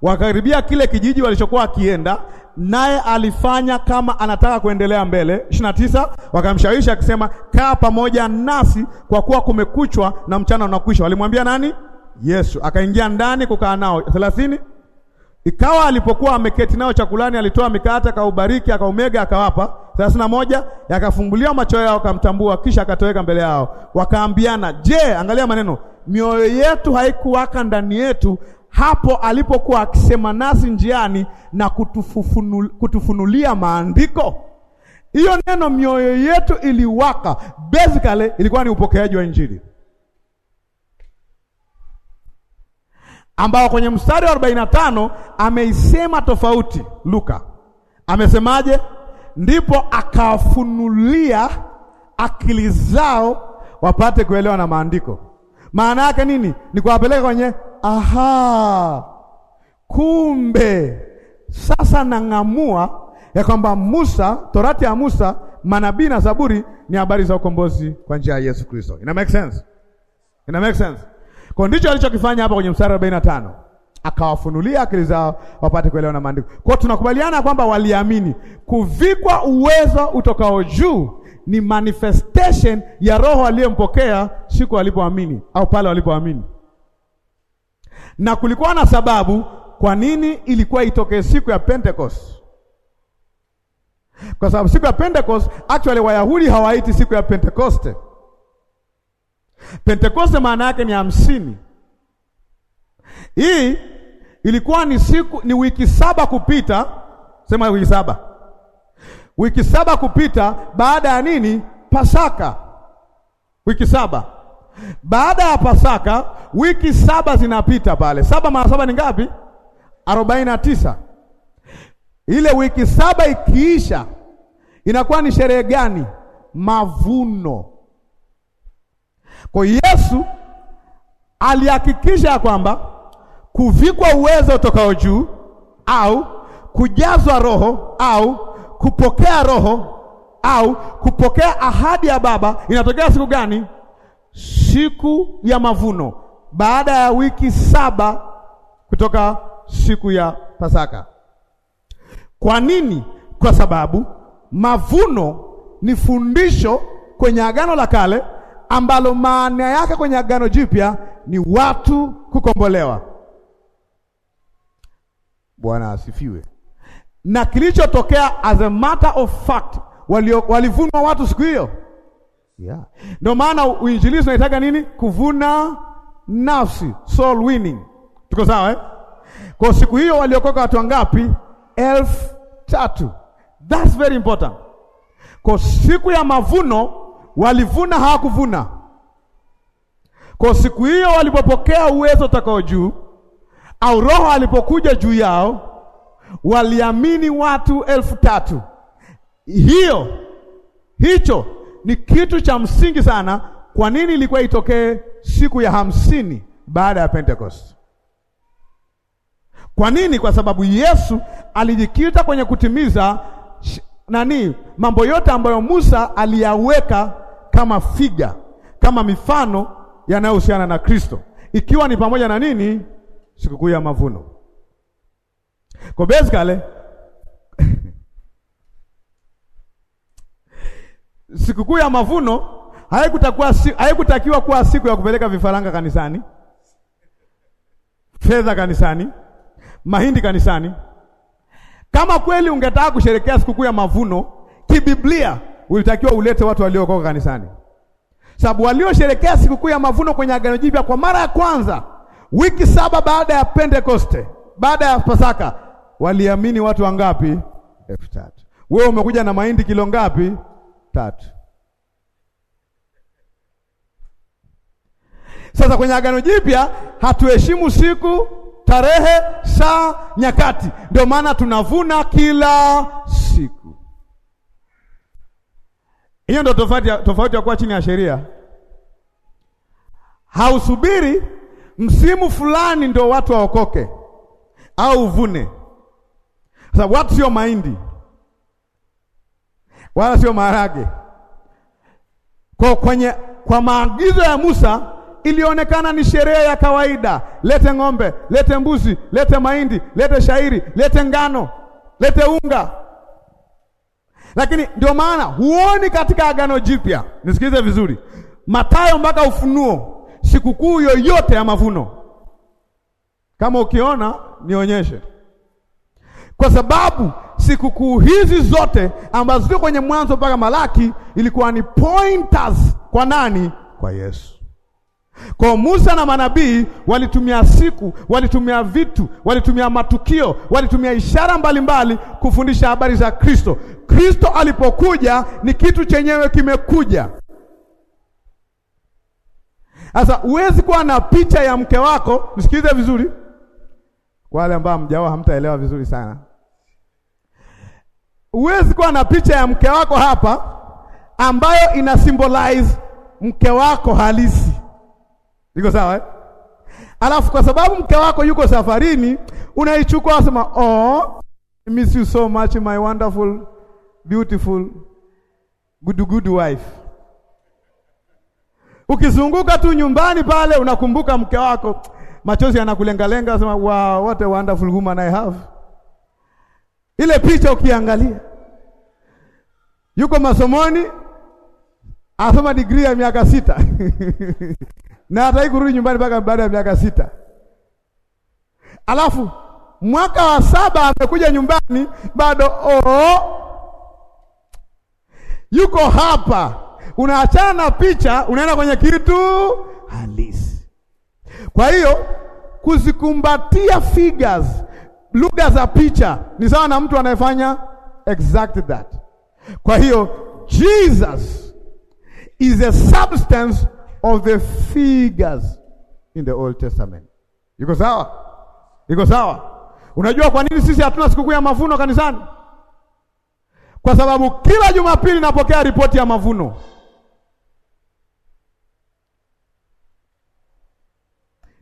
Wakaribia kile kijiji walichokuwa akienda naye, alifanya kama anataka kuendelea mbele. 29 wakamshawishi akisema, kaa pamoja nasi kwa kuwa kumekuchwa na mchana unakwisha. Walimwambia nani? Yesu. Akaingia ndani kukaa nao. 30 Ikawa alipokuwa ameketi nao chakulani, alitoa mikate akaubariki, akaumega, akawapa thelathini na moja yakafunguliwa macho yao akamtambua, kisha akatoweka mbele yao. Wakaambiana, je, angalia maneno, mioyo yetu haikuwaka ndani yetu hapo alipokuwa akisema nasi njiani na kutufufunul, kutufunulia maandiko. Hiyo neno mioyo yetu iliwaka, basically ilikuwa ni upokeaji wa Injili ambao kwenye mstari wa 45 ameisema tofauti. Luka amesemaje? ndipo akawafunulia akili zao wapate kuelewa na maandiko. Maana yake nini? Ni kuwapeleka kwenye aha, kumbe sasa nang'amua ya kwamba Musa, torati ya Musa, manabii na Zaburi ni habari za ukombozi kwa njia ya Yesu Kristo. Ina make sense? Ina make sense? Kwa ndicho alichokifanya hapa kwenye mstari wa tano akawafunulia akili zao wapate kuelewa na maandiko. Kwa hiyo tunakubaliana kwamba waliamini. Kuvikwa uwezo utokao juu ni manifestation ya Roho aliyempokea siku alipoamini au pale walipoamini, na kulikuwa na sababu kwa nini ilikuwa itokee siku ya Pentecost, kwa sababu siku ya Pentecost actually Wayahudi hawaiti siku ya Pentekoste. Pentekoste maana yake ni hamsini hii Ilikuwa ni siku ni wiki saba kupita, sema wiki saba, wiki saba kupita baada ya nini? Pasaka. Wiki saba baada ya Pasaka, wiki saba zinapita pale. Saba mara saba ni ngapi? arobaini na tisa. Ile wiki saba ikiisha, inakuwa ni sherehe gani? Mavuno. Kwa Yesu alihakikisha ya kwamba kuvikwa uwezo utokao juu au kujazwa roho au kupokea roho au kupokea ahadi ya Baba inatokea siku gani? Siku ya mavuno, baada ya wiki saba kutoka siku ya Pasaka. Kwa nini? Kwa sababu mavuno ni fundisho kwenye Agano la Kale ambalo maana yake kwenye Agano Jipya ni watu kukombolewa. Bwana asifiwe. Na kilichotokea as a matter of fact, walivunwa watu siku hiyo yeah. Ndio maana uinjilisi unaitaka nini? Kuvuna nafsi, soul winning. Tuko sawa eh? Kwa siku hiyo waliokoka watu wangapi? elfu tatu. That's very important. Kwa siku ya mavuno walivuna, hawakuvuna. Kwa siku hiyo walipopokea uwezo utakao juu au Roho alipokuja juu yao waliamini watu elfu tatu. Hiyo hicho ni kitu cha msingi sana. Kwa nini ilikuwa itokee siku ya hamsini baada ya Pentecost? Kwa nini? Kwa sababu Yesu alijikita kwenye kutimiza nani, mambo yote ambayo Musa aliyaweka kama figa, kama mifano yanayohusiana na Kristo, ikiwa ni pamoja na nini? sikukuu ya mavuno. Kwa basically sikukuu ya mavuno haikutakuwa haikutakiwa kuwa siku ya kupeleka vifaranga kanisani, fedha kanisani, mahindi kanisani. Kama kweli ungetaka kusherekea sikukuu ya mavuno kibiblia, ulitakiwa ulete watu waliokoka kanisani, sababu waliosherekea sikukuu ya mavuno kwenye Agano Jipya kwa mara ya kwanza Wiki saba baada ya Pentekoste, baada ya Pasaka, waliamini watu wangapi? elfu tatu. Wewe umekuja na mahindi kilo ngapi? Tatu. Sasa kwenye Agano Jipya hatuheshimu siku, tarehe, saa, nyakati. Ndio maana tunavuna kila siku. Hiyo ndio tofauti, tofauti ya kuwa chini ya sheria. Hausubiri msimu fulani ndio watu waokoke au uvune. Sasa watu sio mahindi wala sio maharage. Kwa kwenye kwa maagizo ya Musa ilionekana ni sherehe ya kawaida, lete ng'ombe, lete mbuzi, lete mahindi, lete shairi, lete ngano, lete unga. Lakini ndio maana huoni katika Agano Jipya, nisikilize vizuri, Mathayo mpaka Ufunuo sikukuu yoyote ya mavuno. Kama ukiona nionyeshe, kwa sababu sikukuu hizi zote ambazo ziko kwenye Mwanzo mpaka Malaki ilikuwa ni pointers kwa nani? Kwa Yesu. Kwa Musa na manabii walitumia siku, walitumia vitu, walitumia matukio, walitumia ishara mbalimbali mbali kufundisha habari za Kristo. Kristo alipokuja ni kitu chenyewe kimekuja. Sasa huwezi kuwa na picha ya mke wako, msikilize vizuri. Kwa wale ambao hamjaoa hamtaelewa vizuri sana. Huwezi kuwa na picha ya mke wako hapa ambayo ina symbolize mke wako halisi. Iko sawa eh? Alafu kwa sababu mke wako yuko safarini, unaichukua unasema, "Oh, I miss you so much my wonderful beautiful good good wife." Ukizunguka tu nyumbani pale unakumbuka mke wako, machozi yanakulengalenga, sema wow, what a wonderful woman I have. Ile picha ukiangalia, yuko masomoni, asoma degree ya miaka sita na hataki kurudi nyumbani mpaka baada ya miaka sita, alafu mwaka wa saba amekuja nyumbani bado, oh, yuko hapa unaachana na picha, unaenda kwenye kitu halisi. Kwa hiyo kuzikumbatia figures, lugha za picha ni sawa na mtu anayefanya exact that. Kwa hiyo Jesus is a substance of the figures in the Old Testament. Iko sawa? Iko sawa? Unajua kwa nini sisi hatuna sikukuu ya mavuno kanisani? Kwa sababu kila Jumapili napokea ripoti ya mavuno.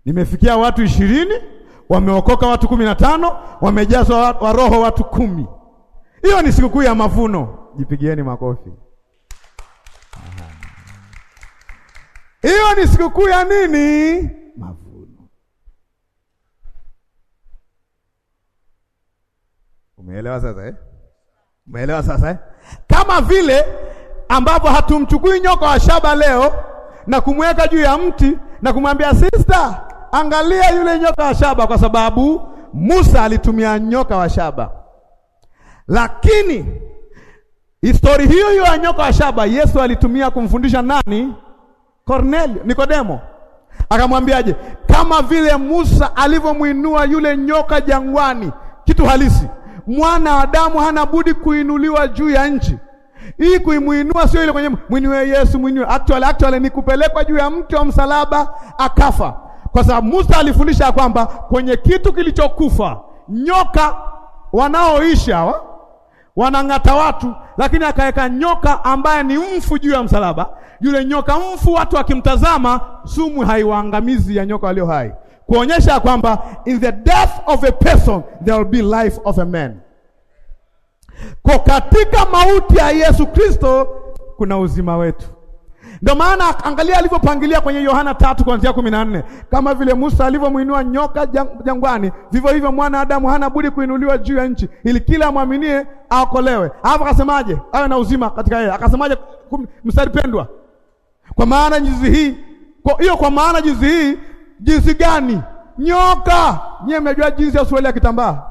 nimefikia watu ishirini, wameokoka watu kumi na tano, wamejazwa wa roho watu kumi. Hiyo ni sikukuu ya mavuno, jipigieni makofi. Hiyo ni sikukuu ya nini? Mavuno. Umeelewa sasa eh? Umeelewa sasa eh? Kama vile ambapo hatumchukui nyoka wa shaba leo na kumweka juu ya mti na kumwambia sister, angalia yule nyoka wa shaba, kwa sababu Musa alitumia nyoka wa shaba. Lakini histori hiyo hiyo ya nyoka wa shaba Yesu alitumia kumfundisha nani? Kornelio, Nikodemo akamwambiaje? Kama vile Musa alivyomwinua yule nyoka jangwani, kitu halisi, mwana wa Adamu hana budi kuinuliwa juu ya nchi hii kuimuinua sio ile kwenye mwinue Yesu, mwinue actually, actually ni kupelekwa juu ya mti wa msalaba akafa kwa sababu Musa alifundisha kwamba kwenye kitu kilichokufa, nyoka wanaoisha hawa wanang'ata watu, lakini akaweka nyoka ambaye ni mfu juu ya msalaba. Yule nyoka mfu, watu wakimtazama, sumu haiwaangamizi ya nyoka walio hai, kuonyesha kwamba in the death of a person there will be life of a man. Kwa katika mauti ya Yesu Kristo kuna uzima wetu. Ndio maana angalia alivyopangilia kwenye Yohana tatu kuanzia kumi na nne kama vile Musa alivyomwinua nyoka jangwani, vivyo hivyo mwana Adamu hana budi kuinuliwa juu ya nchi ili kila amwaminie aokolewe. Hapo akasemaje? Awe na uzima katika yeye. Akasemaje? mstari pendwa, kwa maana jinsi hii, kwa hiyo, kwa maana jinsi hii. Jinsi gani? Nyoka. Nyewe mnajua jinsi ya suruali ya kitambaa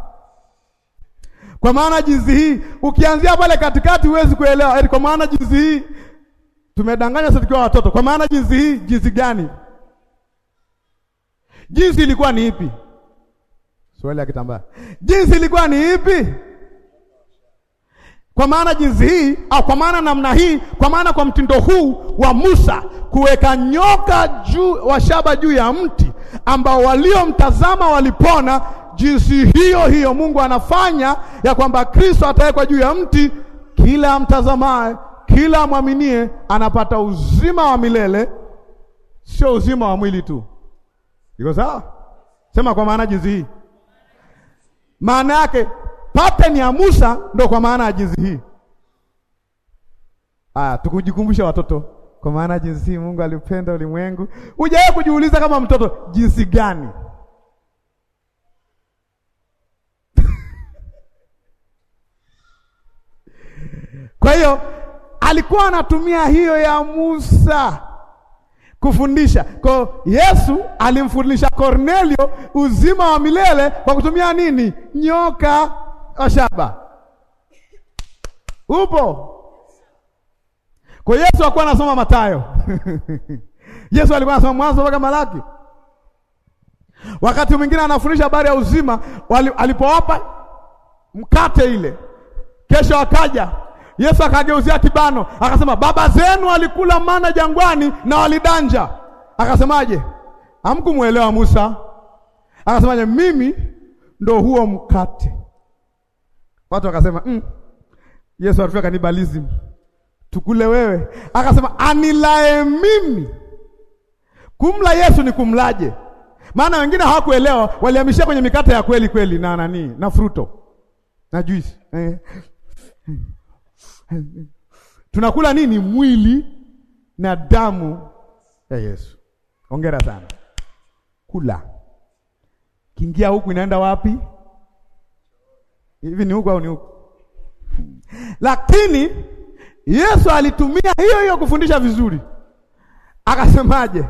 kwa maana jinsi hii, ukianzia pale katikati huwezi kuelewa. Yaani kwa maana jinsi hii Tumedanganya sisi tukiwa watoto. Kwa maana jinsi hii, jinsi gani? Jinsi ilikuwa ni ipi? Swali ya kitambaa. Jinsi ilikuwa ni ipi? Kwa maana jinsi hii au kwa maana namna hii, kwa maana kwa mtindo huu wa Musa kuweka nyoka juu wa shaba juu ya mti ambao waliomtazama walipona, jinsi hiyo hiyo Mungu anafanya ya kwamba Kristo atawekwa juu ya mti, kila amtazamaye kila amwaminie anapata uzima wa milele, sio uzima wa mwili tu. Iko sawa? Sema kwa maana jinsi hii. Maana yake pattern ya Musa ndo kwa maana ya jinsi hii. Ah, tukujikumbusha watoto, kwa maana jinsi hii Mungu alipenda ulimwengu. Hujawahi kujiuliza kama mtoto jinsi gani? Kwa hiyo alikuwa anatumia hiyo ya Musa kufundisha. Kwa Yesu alimfundisha Kornelio uzima wa milele kwa kutumia nini? Nyoka wa shaba. Upo? Kwa Yesu alikuwa anasoma Mathayo. Yesu alikuwa anasoma Mwanzo mpaka Malaki. Wakati mwingine anafundisha habari ya uzima, alipowapa mkate ile, kesho akaja Yesu akageuzia kibano akasema, baba zenu walikula mana jangwani na walidanja. Akasemaje? Hamkumwelewa Musa? Akasemaje? mimi ndo huo mkate. Watu wakasema mm, Yesu alifika kanibalism, tukule wewe. Akasema anilae mimi. Kumla Yesu ni kumlaje? Maana wengine hawakuelewa, walihamishia kwenye mikate ya kweli kweli na nani na fruto na juisi eh tunakula nini? Mwili na damu ya Yesu. Hongera sana. Kula kiingia huku, inaenda wapi? Hivi ni huku au ni huku? Lakini Yesu alitumia hiyo hiyo kufundisha vizuri, akasemaje?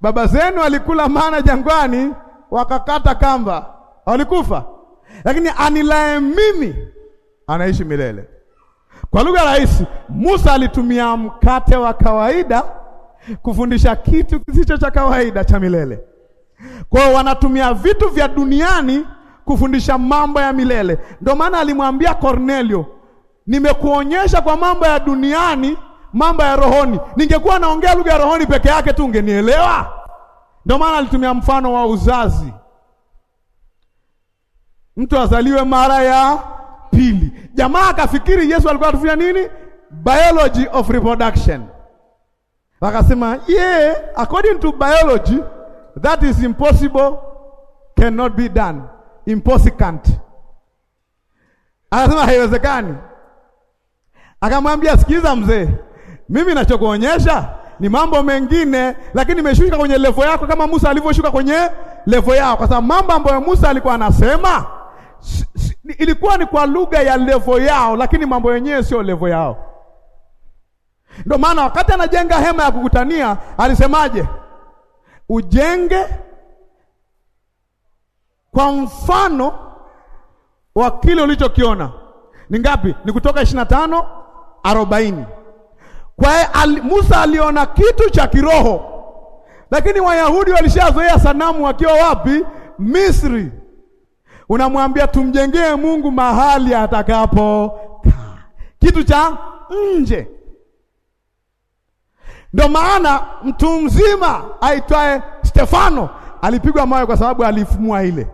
Baba zenu walikula mana jangwani, wakakata kamba, walikufa, lakini anilaye mimi anaishi milele. Kwa lugha rahisi, Musa alitumia mkate wa kawaida kufundisha kitu kisicho cha kawaida cha milele. Kwa hiyo wanatumia vitu vya duniani kufundisha mambo ya milele. Ndio maana alimwambia Kornelio, nimekuonyesha kwa mambo ya duniani mambo ya rohoni. Ningekuwa naongea lugha ya rohoni peke yake tu ungenielewa. Ndio maana alitumia mfano wa uzazi, mtu azaliwe mara ya pili. Jamaa akafikiri Yesu alikuwa anatufundisha nini? Biology of reproduction. Wakasema, yeah, according to biology that is impossible cannot be done. Impossible. Akasema haiwezekani. Akamwambia, sikiza mzee, mimi nachokuonyesha ni mambo mengine, lakini nimeshuka kwenye levo yako kama Musa alivyoshuka kwenye levo yao, kwa sababu mambo ambayo Musa alikuwa anasema ni, ilikuwa ni kwa lugha ya levo yao, lakini mambo yenyewe sio levo yao. Ndio maana wakati anajenga hema ya kukutania alisemaje? Ujenge kwa mfano wa kile ulichokiona. Ni ngapi? Ni Kutoka ishirini na tano arobaini. Kwa hiyo al, Musa aliona kitu cha kiroho, lakini Wayahudi walishazoea sanamu wakiwa wapi? Misri unamwambia tumjengee Mungu mahali atakapo kitu cha nje. Ndio maana mtu mzima aitwaye Stefano alipigwa mawe kwa sababu alifumua ile,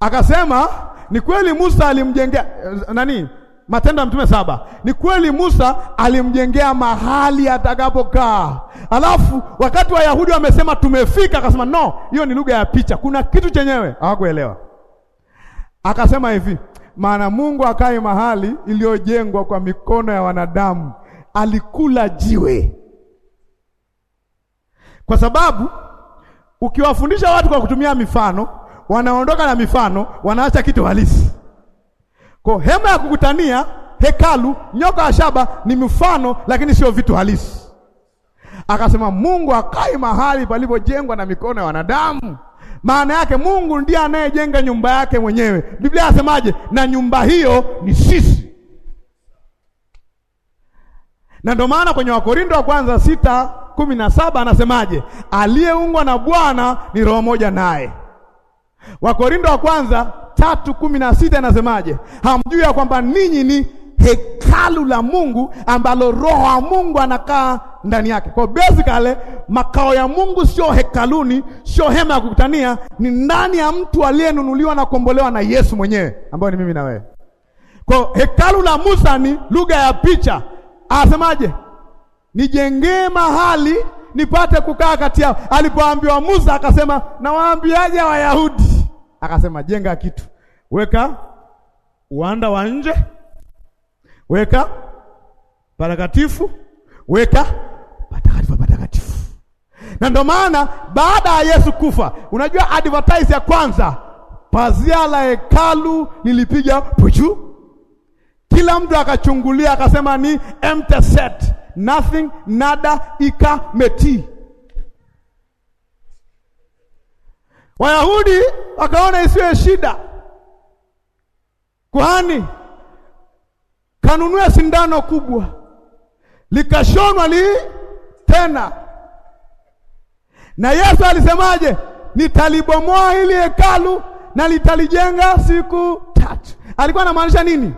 akasema ni kweli Musa alimjengea eh, nani Matendo ya Mtume saba. Ni kweli Musa alimjengea mahali atakapokaa, alafu wakati Wayahudi wamesema tumefika, akasema no, hiyo ni lugha ya picha, kuna kitu chenyewe hawakuelewa. Akasema hivi, maana Mungu akae mahali iliyojengwa kwa mikono ya wanadamu, alikula jiwe. Kwa sababu ukiwafundisha watu kwa kutumia mifano, wanaondoka na mifano, wanaacha kitu halisi. Kwa hema ya kukutania, hekalu, nyoka ya shaba ni mfano, lakini sio vitu halisi. Akasema Mungu akai mahali palipojengwa na mikono ya wanadamu. Maana yake Mungu ndiye anayejenga nyumba yake mwenyewe. Biblia inasemaje? Na nyumba hiyo ni sisi. Na ndio maana kwenye Wakorintho wa kwanza sita kumi na saba anasemaje? Aliyeungwa na Bwana ni roho moja naye. Wakorintho wa kwanza tatu kumi na sita inasemaje? Hamjui ya kwamba ninyi ni hekalu la Mungu ambalo roho wa Mungu anakaa ndani yake. Kwa basically makao ya Mungu sio hekaluni, sio hema ya kukutania, ni ndani ya mtu aliyenunuliwa na kuombolewa na Yesu mwenyewe, ambayo ni mimi na wewe. Kwa hekalu la Musa ni lugha ya picha, anasemaje? Nijengee mahali nipate kukaa kati yao. Alipoambiwa Musa akasema, nawaambiaje Wayahudi akasema jenga kitu, weka uwanda wa nje, weka patakatifu, weka patakatifu patakatifu. Na ndio maana baada ya Yesu kufa, unajua advertise ya kwanza, pazia la hekalu lilipiga puchu kila mtu akachungulia, akasema ni empty set, nothing nada, ikameti Wayahudi wakaona isiwe shida, kuhani kanunua sindano kubwa, likashonwa li tena. Na Yesu alisemaje? Nitalibomoa hili hekalu na litalijenga siku tatu. Alikuwa anamaanisha nini?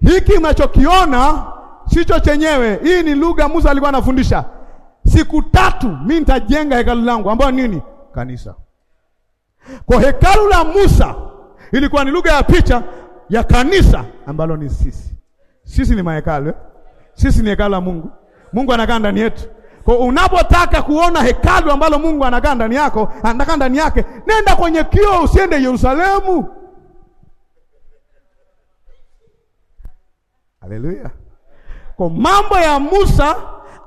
Hiki mnachokiona sicho chenyewe. Hii ni lugha Musa alikuwa anafundisha. Siku tatu mimi nitajenga hekalu langu, ambayo nini? Kanisa. Kwa hekalu la Musa ilikuwa ni lugha ya picha ya kanisa ambalo ni sisi. Sisi ni mahekalu, eh? sisi ni hekalu la Mungu. Mungu anakaa ndani yetu. Kwa unapotaka kuona hekalu ambalo Mungu anakaa ndani yako, anakaa ndani yake, nenda kwenye kio usiende Yerusalemu. Haleluya! Kwa mambo ya Musa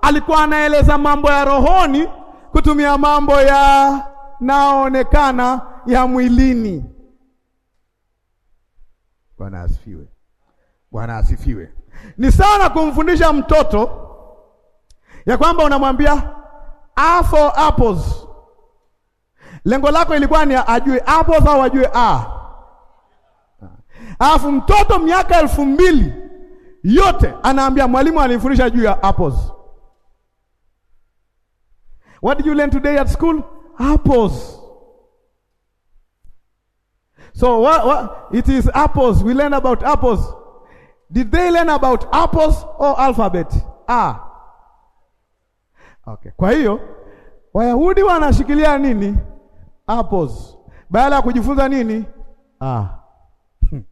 alikuwa anaeleza mambo ya rohoni kutumia mambo ya naonekana ya mwilini. Bwana asifiwe. Bwana asifiwe. Ni sana kumfundisha mtoto ya kwamba unamwambia a for apples. Lengo lako ilikuwa ni ajue apples au ajue a. Alafu mtoto miaka elfu mbili yote anaambia mwalimu alinifundisha juu ya apples. What did you learn today at school? Apples. So what, what, it is apples. We learn about apples. Did they learn about apples or alphabet? Ah. Okay. Kwa hiyo Wayahudi wanashikilia nini? Apples. Baada ya kujifunza nini? Ah. Hmm.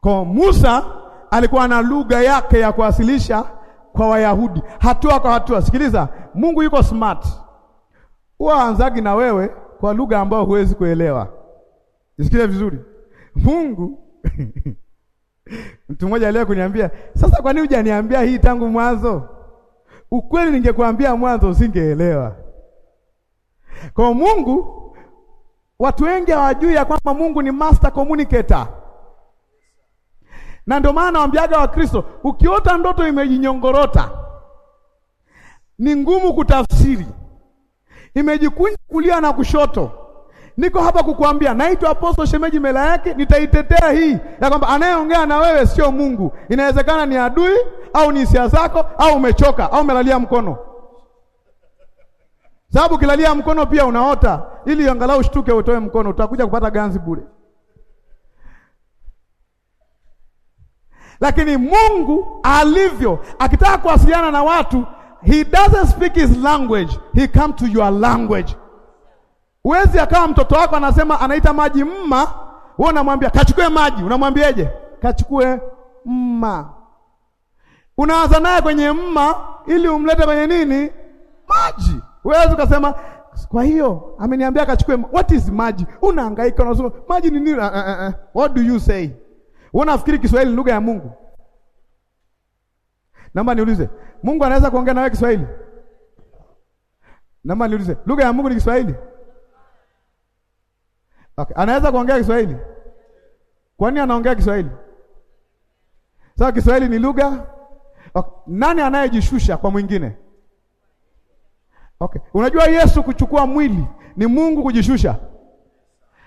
Kwa Musa alikuwa na lugha yake ya kuwasilisha kwa Wayahudi hatua kwa hatua. Sikiliza, Mungu yuko smart. Huwa anzagi na wewe kwa lugha ambayo huwezi kuelewa. Isikie vizuri. Mungu mtu mmoja aliye kuniambia, sasa kwa nini hujaniambia hii tangu mwanzo? Ukweli ningekuambia mwanzo usingeelewa. Kwa Mungu watu wengi hawajui ya kwamba Mungu ni master communicator. Na ndio maana nawaambiaga Wakristo, ukiota ndoto imejinyongorota, ni ngumu kutafsiri, imejikunja kulia na kushoto. Niko hapa kukuambia, naitwa Apostle Shemeji Mela yake, nitaitetea hii ya kwamba anayeongea na wewe sio Mungu. Inawezekana ni adui au ni hisia zako au umechoka au umelalia mkono, sababu ukilalia mkono pia unaota, ili angalau ushtuke utoe mkono, utakuja kupata ganzi bure. Lakini Mungu alivyo, akitaka kuwasiliana na watu, he doesn't speak his language, he come to your language Uwezi akawa mtoto wako anasema anaita maji mma, wewe unamwambia kachukue maji, unamwambiaje? Kachukue mma. Unaanza naye kwenye mma ili umlete kwenye nini? Maji. Uwezi ukasema kwa hiyo ameniambia kachukue what is maji? Unahangaika unasema maji ni nini? Uh, uh, uh. What do you say? Wewe Unafikiri Kiswahili lugha ya Mungu? Naomba niulize, Mungu anaweza kuongea na wewe Kiswahili? Naomba niulize, lugha ya Mungu ni Kiswahili? Okay, anaweza kuongea Kiswahili? nini anaongea Kiswahili? Sasa so, Kiswahili ni lugha. Okay. Nani anayejishusha kwa mwingine? Okay. Unajua Yesu kuchukua mwili ni Mungu kujishusha.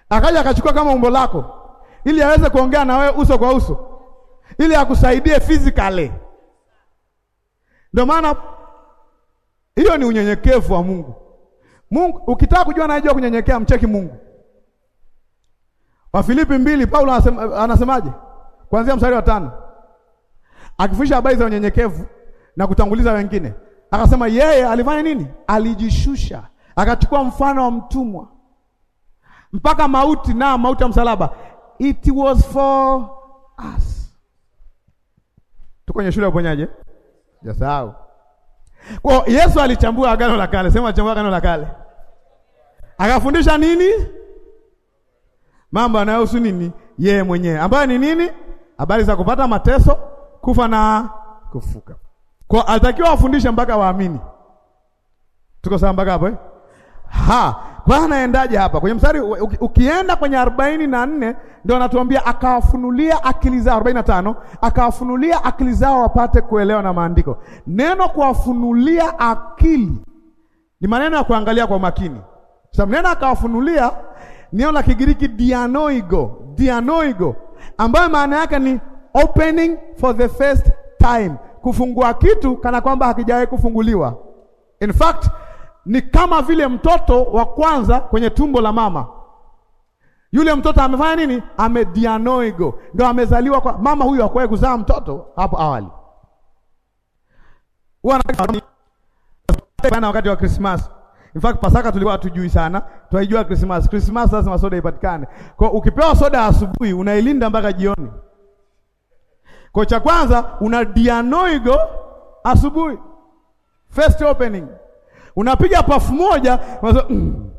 Akaja akachukua kama umbo lako ili aweze kuongea na wewe uso kwa uso ili akusaidie physically. Ndio maana hiyo ni unyenyekevu wa Mungu. Mungu ukitaka kujua anajua kunyenyekea, mcheki Mungu. Wafilipi mbili Paulo anasema, anasemaje? Kuanzia mstari wa tano akifundisha habari za unyenyekevu na kutanguliza wengine, akasema yeye alifanya nini? Alijishusha, akachukua mfano wa mtumwa mpaka mauti, na mauti ya msalaba. It was for us. Tuko kwenye shule ya uponyaji, jasahau kwa Yesu alichambua agano la kale. Sema alichambua agano la kale, akafundisha nini? mambo yanayohusu nini yeye mwenyewe, ambayo ni nini? Habari za kupata mateso, kufa na kufuka. Kwa alitakiwa afundishe mpaka waamini. Tuko sawa mpaka hapo eh? Ha, kwa anaendaje hapa kwenye mstari? Ukienda kwenye arobaini na nne ndio anatuambia akawafunulia akili zao, arobaini na tano akawafunulia akili zao wapate kuelewa na maandiko. Neno kuwafunulia akili ni maneno ya kuangalia kwa makini. Sasa neno akawafunulia neno la Kigiriki dianoigo, dianoigo ambayo maana yake ni opening for the first time, kufungua kitu kana kwamba hakijawahi kufunguliwa. In fact ni kama vile mtoto wa kwanza kwenye tumbo la mama. Yule mtoto amefanya nini? Amedianoigo, ndio amezaliwa kwa mama huyu, hakuwahi kuzaa mtoto hapo awali. Wakati wa Krismasi In fact Pasaka tulikuwa hatujui sana, tunaijua Christmas. Christmas lazima soda ipatikane. Kwa ukipewa soda asubuhi unailinda mpaka jioni. Kwa cha kwanza una dianoigo asubuhi. First opening. Unapiga pafu moja unasema mm.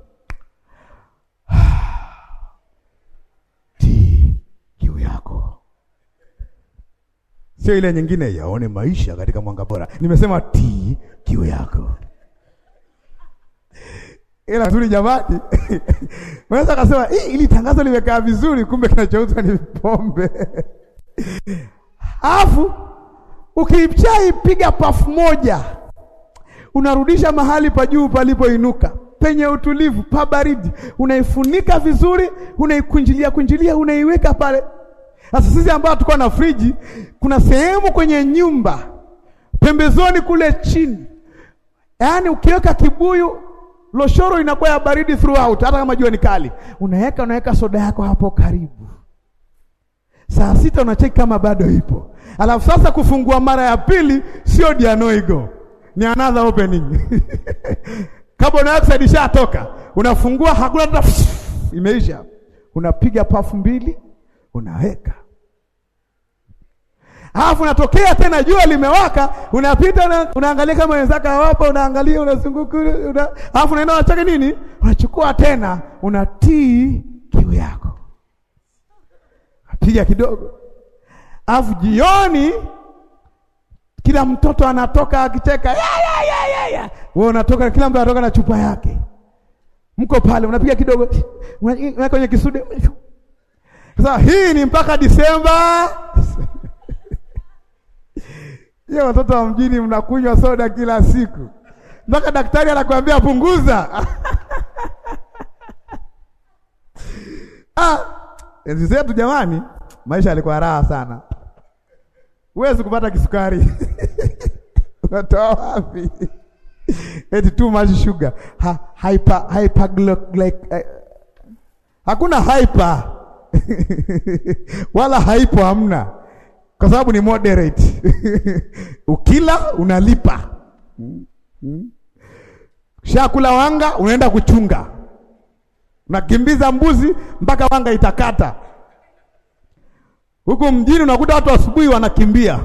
kiu yako sio ile nyingine, yaone maisha katika mwanga bora. Nimesema ti kiu yako Ila nzuri jamani. Mwanza kasema, "Hii ili tangazo limekaa vizuri, kumbe kinachouzwa ni pombe." Alafu ukiipchai piga pafu moja. Unarudisha mahali pa juu palipoinuka. Penye utulivu, pa baridi, unaifunika vizuri, unaikunjilia kunjilia, unaiweka pale. Sasa sisi ambao tuko na friji, kuna sehemu kwenye nyumba pembezoni kule chini. Yaani ukiweka kibuyu Loshoro inakuwa ya baridi throughout, hata kama jua ni kali. Unaweka unaweka soda yako hapo karibu, saa sita unacheki kama bado ipo. Alafu sasa kufungua mara ya pili sio dianoigo, ni another opening carbon dioxide ishatoka, unafungua hakuna, imeisha. Unapiga pafu mbili, unaweka Alafu unatokea tena jua limewaka, unapita una, unaangalia kama wenzako hawapo, unaangalia unazunguka, una, alafu unaenda unachaka nini? Unachukua tena unatii kiu yako. Apiga kidogo. Alafu jioni kila mtoto anatoka akicheka, ya ya ya ya ya. Wewe unatoka kila mtu anatoka na chupa yake. Mko pale unapiga kidogo. Unaweka kwenye kisude. Sasa hii ni mpaka Disemba. Hiyo watoto wa mjini mnakunywa soda kila siku mpaka daktari anakuambia punguza. Ah, enzi zetu jamani, maisha yalikuwa raha sana. Huwezi kupata kisukari unatoa wapi? Eti too much sugar ha, hyper, hyper like, uh, hakuna hyper wala hypo hamna kwa sababu ni moderate ukila unalipa Shakula wanga unaenda kuchunga, unakimbiza mbuzi mpaka wanga itakata. Huku mjini unakuta watu asubuhi wanakimbia,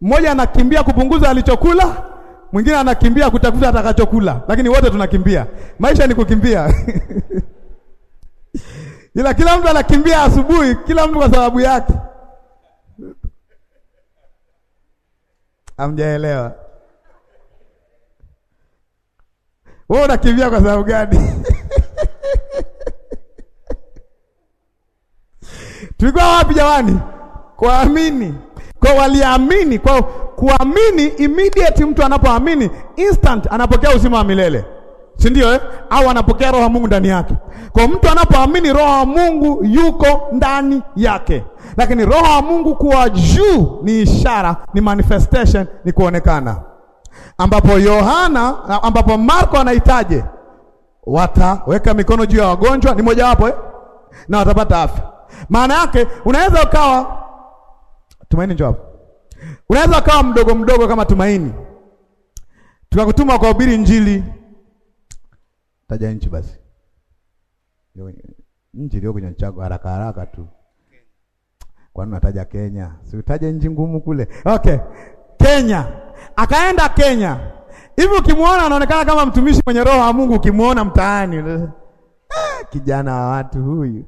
mmoja anakimbia kupunguza alichokula, mwingine anakimbia kutafuta atakachokula, lakini wote tunakimbia. Maisha ni kukimbia ila kila mtu anakimbia asubuhi, kila mtu kwa sababu yake. amjaelewa Wewe unakimbia kwa sababu gani? tulikuwa wapi jamani? Kuamini kwa waliamini, kwa kuamini. Immediate mtu anapoamini, instant anapokea uzima wa milele si ndio eh? Au anapokea roho ya Mungu ndani yake. Kwa mtu anapoamini roho ya Mungu yuko ndani yake, lakini roho ya Mungu kuwa juu ni ishara, ni manifestation, ni kuonekana, ambapo Yohana, ambapo Marko anahitaje, wataweka mikono juu ya wagonjwa, ni mojawapo eh? na watapata afya. Maana yake unaweza ukawa Tumaini, njoo hapo. Unaweza ukawa mdogo mdogo kama Tumaini, tukakutuma kwa ubiri Injili Taja nchi basi. Nchi iliyo kwenye chago haraka haraka tu. nini nataja Kenya? Si utaje nchi ngumu kule. Okay. Kenya. Akaenda Kenya. Hivi ukimwona anaonekana kama mtumishi mwenye roho ya Mungu ukimwona mtaani. Ah, kijana wa watu huyu.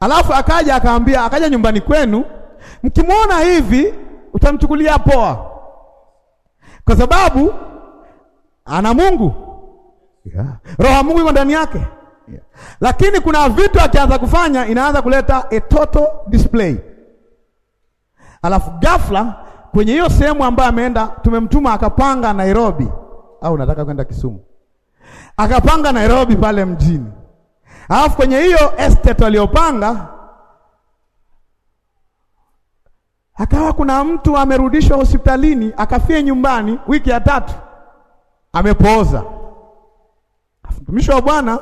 Alafu akaja akaambia, akaja nyumbani kwenu, mkimwona hivi utamchukulia poa. Kwa sababu ana Mungu yeah. Roho wa Mungu yuko ndani yake yeah. Lakini kuna vitu akianza kufanya inaanza kuleta a total display, alafu ghafla kwenye hiyo sehemu ambayo ameenda, tumemtuma akapanga Nairobi au nataka kwenda Kisumu, akapanga Nairobi pale mjini, alafu kwenye hiyo estate aliyopanga akawa kuna mtu amerudishwa hospitalini akafia nyumbani wiki ya tatu, amepooza. Mtumishi wa Bwana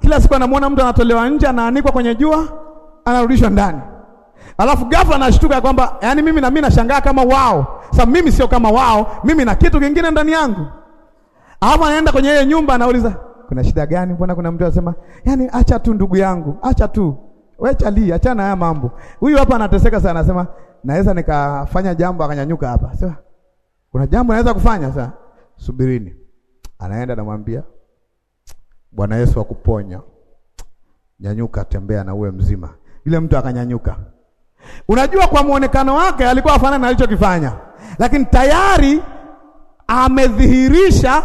kila siku anamwona mtu anatolewa nje, anaanikwa kwenye jua, anarudishwa ndani, alafu ghafla anashtuka ya kwamba yaani, mimi na mimi nashangaa kama wao. Sasa mimi sio kama wao, mimi na kitu kingine ndani yangu. Alafu anaenda kwenye ile nyumba, anauliza kuna shida gani? Mbona kuna mtu anasema, yaani acha tu ndugu yangu, acha tu wewe, chali, acha na haya mambo. Huyu hapa anateseka sana, anasema naweza nikafanya jambo, akanyanyuka hapa, sio kuna jambo naweza kufanya. Sasa subirini, anaenda anamwambia Bwana Yesu akuponya. Nyanyuka, tembea na uwe mzima. Yule mtu akanyanyuka. Unajua, kwa muonekano wake alikuwa afanana na alichokifanya, lakini tayari amedhihirisha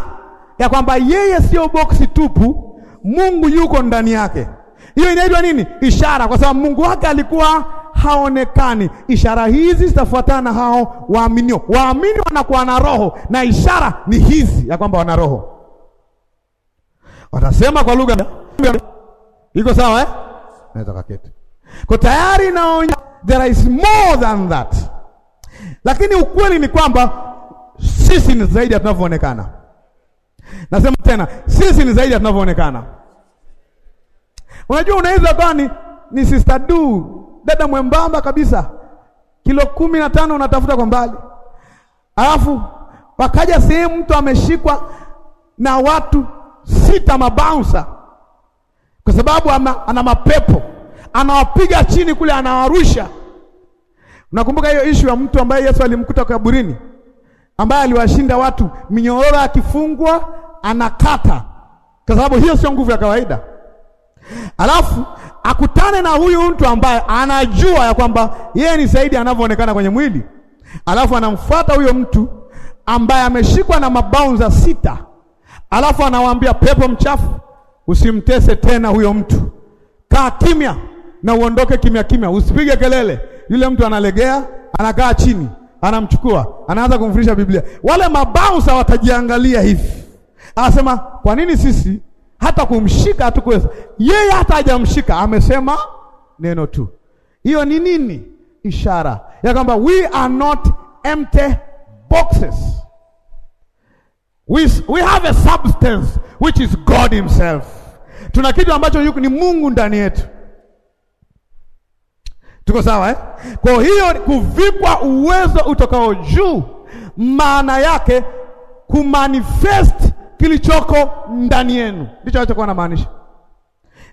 ya kwamba yeye sio boksi tupu, Mungu yuko ndani yake. Hiyo inaitwa nini? Ishara, kwa sababu Mungu wake alikuwa haonekani. Ishara hizi zitafuatana na hao waaminio. Waamini wanakuwa na roho, na ishara ni hizi ya kwamba wana roho watasema kwa lugha iko sawa eh? Naweza kaketi kwa tayari naonya, there is more than that, lakini ukweli ni kwamba sisi ni zaidi ya tunavyoonekana. Nasema tena, sisi ni zaidi ya tunavyoonekana. Unajua, unaweza kuwa ni, ni sister du dada mwembamba kabisa kilo kumi na tano unatafuta kwa mbali, alafu wakaja sehemu mtu ameshikwa na watu sita mabaunsa, kwa sababu ama, ana mapepo anawapiga chini kule, anawarusha. Unakumbuka hiyo ishu ya mtu ambaye Yesu alimkuta kaburini, ambaye aliwashinda watu minyororo, akifungwa anakata, kwa sababu hiyo sio nguvu ya kawaida. Alafu akutane na huyu mtu ambaye anajua ya kwamba yeye ni zaidi anavyoonekana kwenye mwili, alafu anamfuata huyo mtu ambaye ameshikwa na mabaunza sita Alafu anawaambia pepo mchafu, usimtese tena huyo mtu, kaa kimya na uondoke kimya kimya, usipige kelele. Yule mtu analegea, anakaa chini, anamchukua, anaanza kumfundisha Biblia. Wale mabaunsa watajiangalia hivi, anasema kwa nini sisi hata kumshika hatukuweza? Yeye hata hajamshika, amesema neno tu. Hiyo ni nini? Ishara ya kwamba we are not empty boxes. We, we have a substance which is God himself. Tuna kitu ambacho yuko ni Mungu ndani yetu. Tuko sawa eh? Kwa hiyo kuvikwa uwezo utokao juu maana yake kumanifest kilichoko ndani yenu, ndicho alichokuwa namaanisha.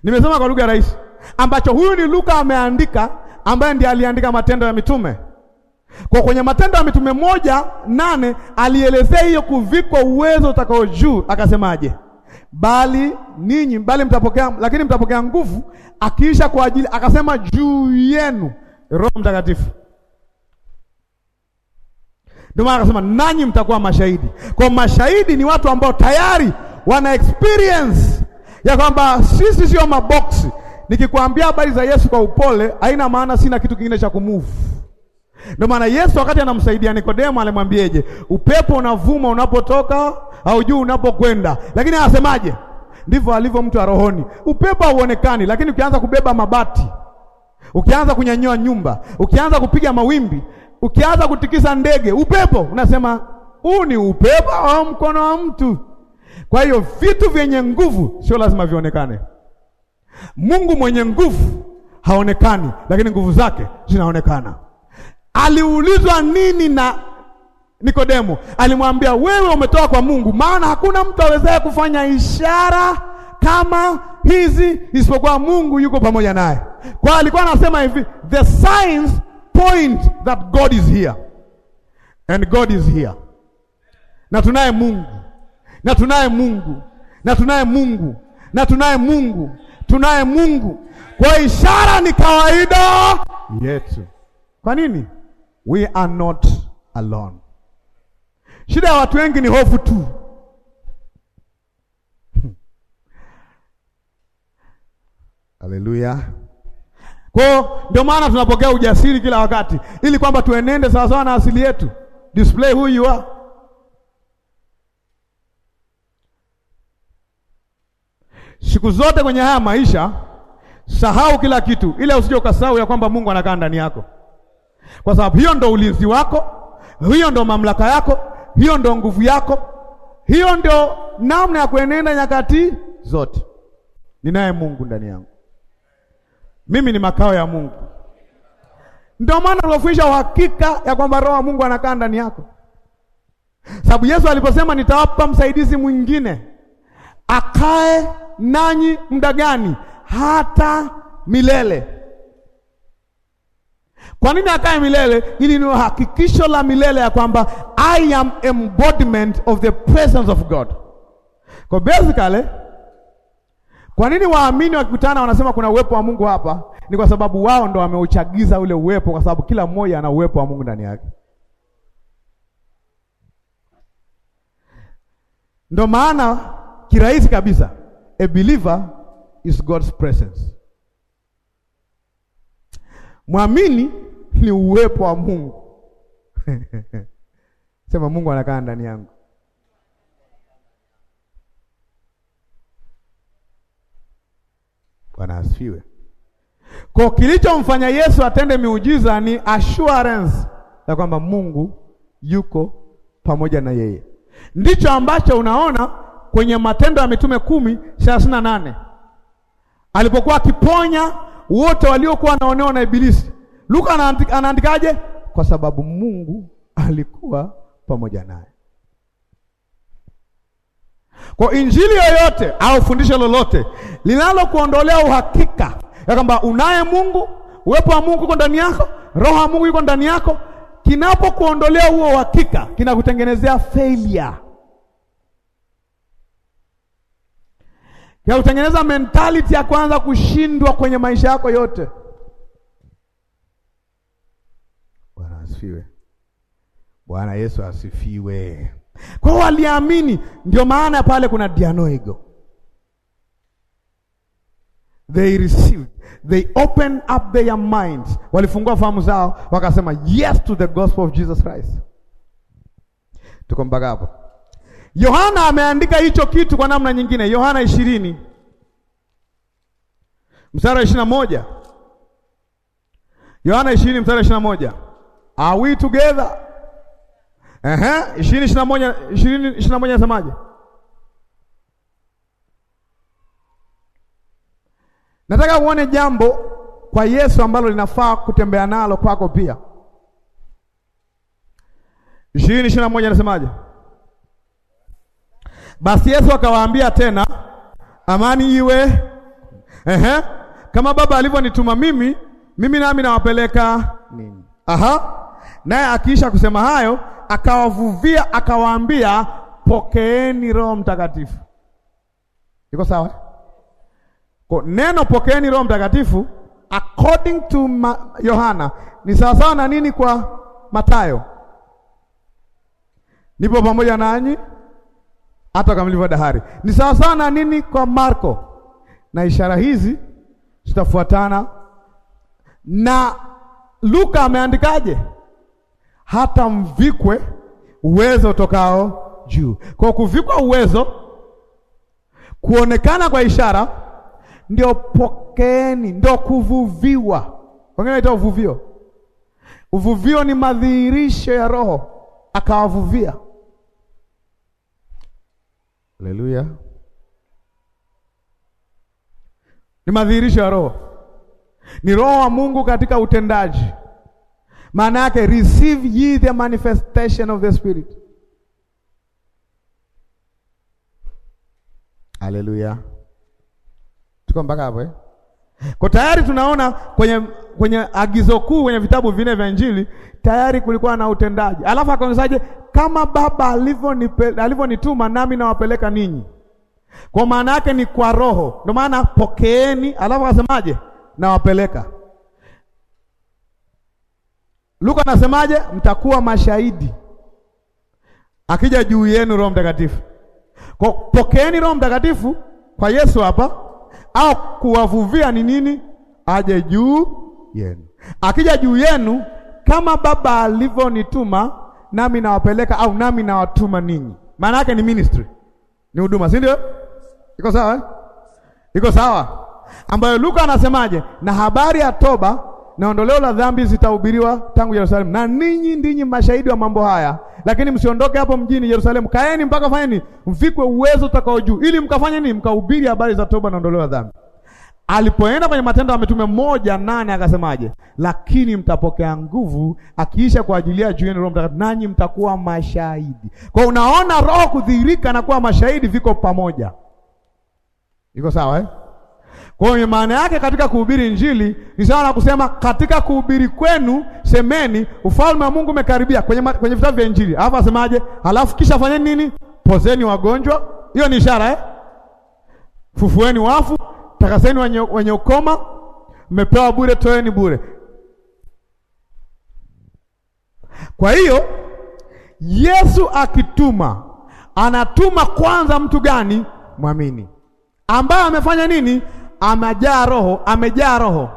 Nimesema kwa lugha rahisi, ambacho huyu ni Luka ameandika, ambaye ndiye aliandika Matendo ya Mitume. Kwa kwenye Matendo ya Mitume moja nane alielezea hiyo kuvikwa uwezo utakao juu, akasemaje? Bali ninyi bali mtapokea, lakini mtapokea nguvu akiisha kwa ajili, akasema juu yenu Roho Mtakatifu. Ndio maana akasema nanyi mtakuwa mashahidi. Kwa mashahidi ni watu ambao tayari wana experience ya kwamba sisi sio maboksi. Nikikwambia habari za Yesu kwa upole, haina maana sina kitu kingine cha kumove ndio maana Yesu wakati anamsaidia Nikodemo alimwambieje? Upepo unavuma unapotoka, au juu unapokwenda, lakini anasemaje? Ndivyo alivyo mtu wa rohoni. Upepo hauonekani, lakini ukianza kubeba mabati, ukianza kunyanyua nyumba, ukianza kupiga mawimbi, ukianza kutikisa ndege, upepo unasema huu ni upepo wa mkono wa mtu? Kwa hiyo vitu vyenye nguvu sio lazima vionekane. Mungu mwenye nguvu haonekani, lakini nguvu zake zinaonekana aliulizwa nini na Nikodemo? Alimwambia, wewe umetoka kwa Mungu, maana hakuna mtu awezaye kufanya ishara kama hizi isipokuwa Mungu yuko pamoja naye. Kwa hiyo alikuwa anasema hivi, the signs point that God is here and God is here, na tunaye Mungu na tunaye Mungu na tunaye Mungu na tunaye Mungu tunaye Mungu. Kwa ishara ni kawaida yetu. Kwa nini? We are not alone. Shida ya watu wengi ni hofu tu. Haleluya. Kwa ndio maana tunapokea ujasiri kila wakati ili kwamba tuenende sawasawa na asili yetu. Display who you are. Siku zote kwenye haya maisha, sahau kila kitu, ila usije ukasahau ya kwamba Mungu anakaa ndani yako kwa sababu hiyo ndo ulinzi wako, hiyo ndo mamlaka yako, hiyo ndo nguvu yako, hiyo ndo namna ya kuenenda nyakati zote. Ninaye Mungu ndani yangu, mimi ni makao ya Mungu. Ndio maana unafundisha uhakika ya kwamba Roho wa Mungu anakaa ndani yako, sababu Yesu aliposema nitawapa msaidizi mwingine akae nanyi muda gani? Hata milele. Kwa nini akae milele? Ili ni hakikisho la milele ya kwamba I am embodiment of the presence of God. Kwa basically, kwa nini waamini wakikutana wanasema kuna uwepo wa Mungu hapa? Ni kwa sababu wao ndo wameuchagiza ule uwepo, kwa sababu kila mmoja ana uwepo wa Mungu ndani yake. Ndo maana kirahisi kabisa, a believer is God's presence. Mwamini ni uwepo wa Mungu. Sema Mungu anakaa ndani yangu. Bwana asifiwe. Kwa kilichomfanya Yesu atende miujiza ni assurance ya kwamba Mungu yuko pamoja na yeye. Ndicho ambacho unaona kwenye Matendo ya Mitume kumi thelathini na nane alipokuwa akiponya wote waliokuwa wanaonewa na Ibilisi Luka anaandikaje? Kwa sababu Mungu alikuwa pamoja naye. Kwa injili yoyote au fundisho lolote linalokuondolea uhakika ya kwamba unaye Mungu, uwepo wa Mungu uko ndani yako, roho ya Mungu yuko ndani yako, kinapokuondolea huo uhakika, kinakutengenezea failure, kinakutengeneza mentality ya kwanza kushindwa kwenye maisha yako yote. asifiwe. Bwana Yesu asifiwe. Kwa hiyo waliamini, ndio maana pale kuna dianoigo. They received, they opened up their minds, walifungua fahamu zao wakasema yes to the gospel of Jesus Christ. Tuko mpaka hapo. Yohana ameandika hicho kitu kwa namna nyingine. Yohana ishirini mstari wa ishirini na moja Yohana ishirini mstari wa ishirini na moja Are we together? Aha, ishirini ishirini na moja ishirini ishirini na moja nasemaje? Nataka uone jambo kwa Yesu ambalo linafaa kutembea nalo kwako pia. ishirini ishirini na moja nasemaje? Basi Yesu akawaambia tena, amani iwe. Ehe, kama Baba alivyonituma mimi, mimi nami nawapeleka ninyi. Aha. Naye akiisha kusema hayo, akawavuvia akawaambia, pokeeni Roho Mtakatifu. Iko sawa? Kwa neno pokeeni Roho Mtakatifu according to Yohana ni sawasawa na nini kwa matayo Nipo pamoja nanyi hata kama dahari. Ni sawasawa na nini kwa Marko? Na ishara hizi zitafuatana na Luka ameandikaje? hata mvikwe uwezo utokao juu. Kwa kuvikwa uwezo, kuonekana kwa ishara, ndio pokeeni, ndio kuvuviwa. Wengine wanaita uvuvio. Uvuvio ni madhihirisho ya Roho, akawavuvia. Haleluya, ni madhihirisho ya Roho, ni Roho wa Mungu katika utendaji maana yake receive ye the manifestation of the spirit. Haleluya, tuko mpaka hapo eh? Kwa tayari tunaona kwenye kwenye agizo kuu kwenye vitabu vinne vya Injili tayari kulikuwa na utendaji, alafu akaongezaje? Kama Baba alivyonituma nami nawapeleka ninyi. Kwa maana yake ni kwa Roho, ndio maana pokeeni, alafu akasemaje? Nawapeleka Luka anasemaje? Mtakuwa mashahidi akija juu yenu Roho Mtakatifu. Kwa pokeeni Roho Mtakatifu kwa Yesu hapa, au kuwavuvia ni nini? Aje juu yenu. Akija juu yenu kama Baba alivyonituma nami nawapeleka, au nami nawatuma ninyi. Maana yake ni ministry, ni huduma, si ndio? Iko sawa eh? Iko sawa, ambayo Luka anasemaje? Na habari ya toba na ondoleo la dhambi zitahubiriwa tangu Yerusalemu, na ninyi ndinyi mashahidi wa mambo haya. Lakini msiondoke hapo mjini Yerusalemu, kaeni mpaka fanyeni mvikwe uwezo utakao juu, ili mkafanye nini? Mkahubiri habari za toba na ondoleo la dhambi. Alipoenda kwenye Matendo ya Mitume moja nane akasemaje? Lakini mtapokea nguvu akiisha kwa ajili ya juu yenu Roho Mtakatifu, nanyi mtakuwa mashahidi. Kwa unaona, roho kudhihirika na kuwa mashahidi viko pamoja, iko sawa eh? Kwa hiyo maana yake katika kuhubiri Injili ni sawa na kusema katika kuhubiri kwenu semeni ufalme wa Mungu umekaribia, kwenye, kwenye vitabu vya Injili. Alafu asemaje? Alafu kisha fanyeni nini? Pozeni wagonjwa, hiyo ni ishara eh? Fufueni wafu, takaseni wenye, wenye ukoma, mmepewa bure, toeni bure. Kwa hiyo Yesu akituma, anatuma kwanza mtu gani? Mwamini ambaye amefanya nini? amejaa roho, amejaa roho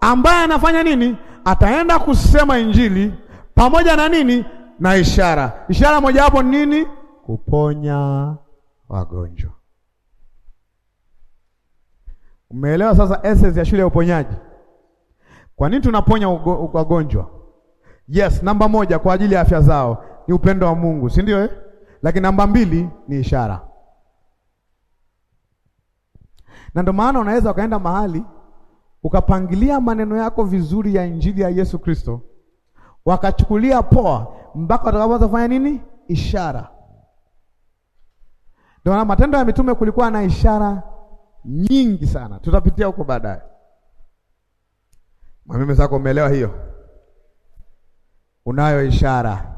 ambaye anafanya nini? Ataenda kusema injili pamoja na nini? Na ishara. Ishara mojawapo nini? Kuponya wagonjwa. Umeelewa sasa essence ya shule ya uponyaji? Kwa nini tunaponya wagonjwa? Yes, namba moja kwa ajili ya afya zao ni upendo wa Mungu, si ndio eh? Lakini namba mbili ni ishara. Na ndio maana unaweza ukaenda mahali ukapangilia maneno yako vizuri ya injili ya Yesu Kristo, wakachukulia poa mpaka watakapoanza kufanya nini? Ishara. Ndio maana Matendo ya Mitume kulikuwa na ishara nyingi sana, tutapitia huko baadaye. Mimi zako umeelewa hiyo? Unayo ishara,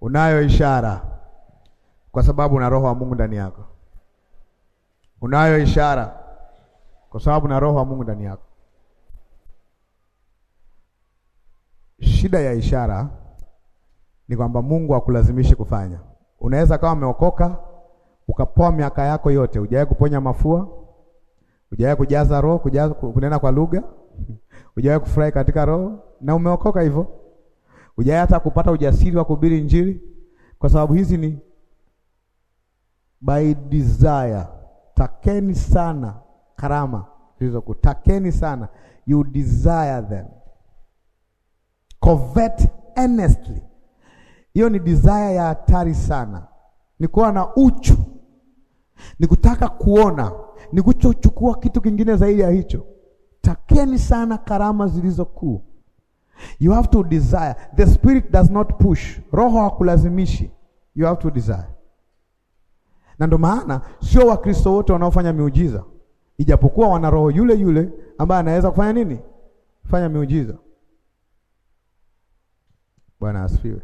unayo ishara, kwa sababu una roho wa Mungu ndani yako unayo ishara, kwa sababu na roho wa Mungu ndani yako. Shida ya ishara ni kwamba Mungu hakulazimishi kufanya. Unaweza kama umeokoka ukapoa miaka yako yote, hujawahi kuponya mafua, hujawahi kujaza roho, kujaza kunena kwa lugha, hujawahi kufurahi katika roho, na umeokoka hivyo, hujawahi hata kupata ujasiri wa kuhubiri Injili, kwa sababu hizi ni by desire takeni sana karama takeni sana, you desire them, covet earnestly. Hiyo ni desire ya hatari sana, ni kuwa na uchu, ni kutaka kuona, ni kuchochukua kitu kingine zaidi ya hicho. Takeni sana karama zilizokuu. You have to desire. The spirit does not push. Roho hakulazimishi. You have to desire na ndio maana sio Wakristo wote wanaofanya miujiza, ijapokuwa wana roho yule yule ambaye anaweza kufanya nini? Fanya miujiza. Bwana asifiwe.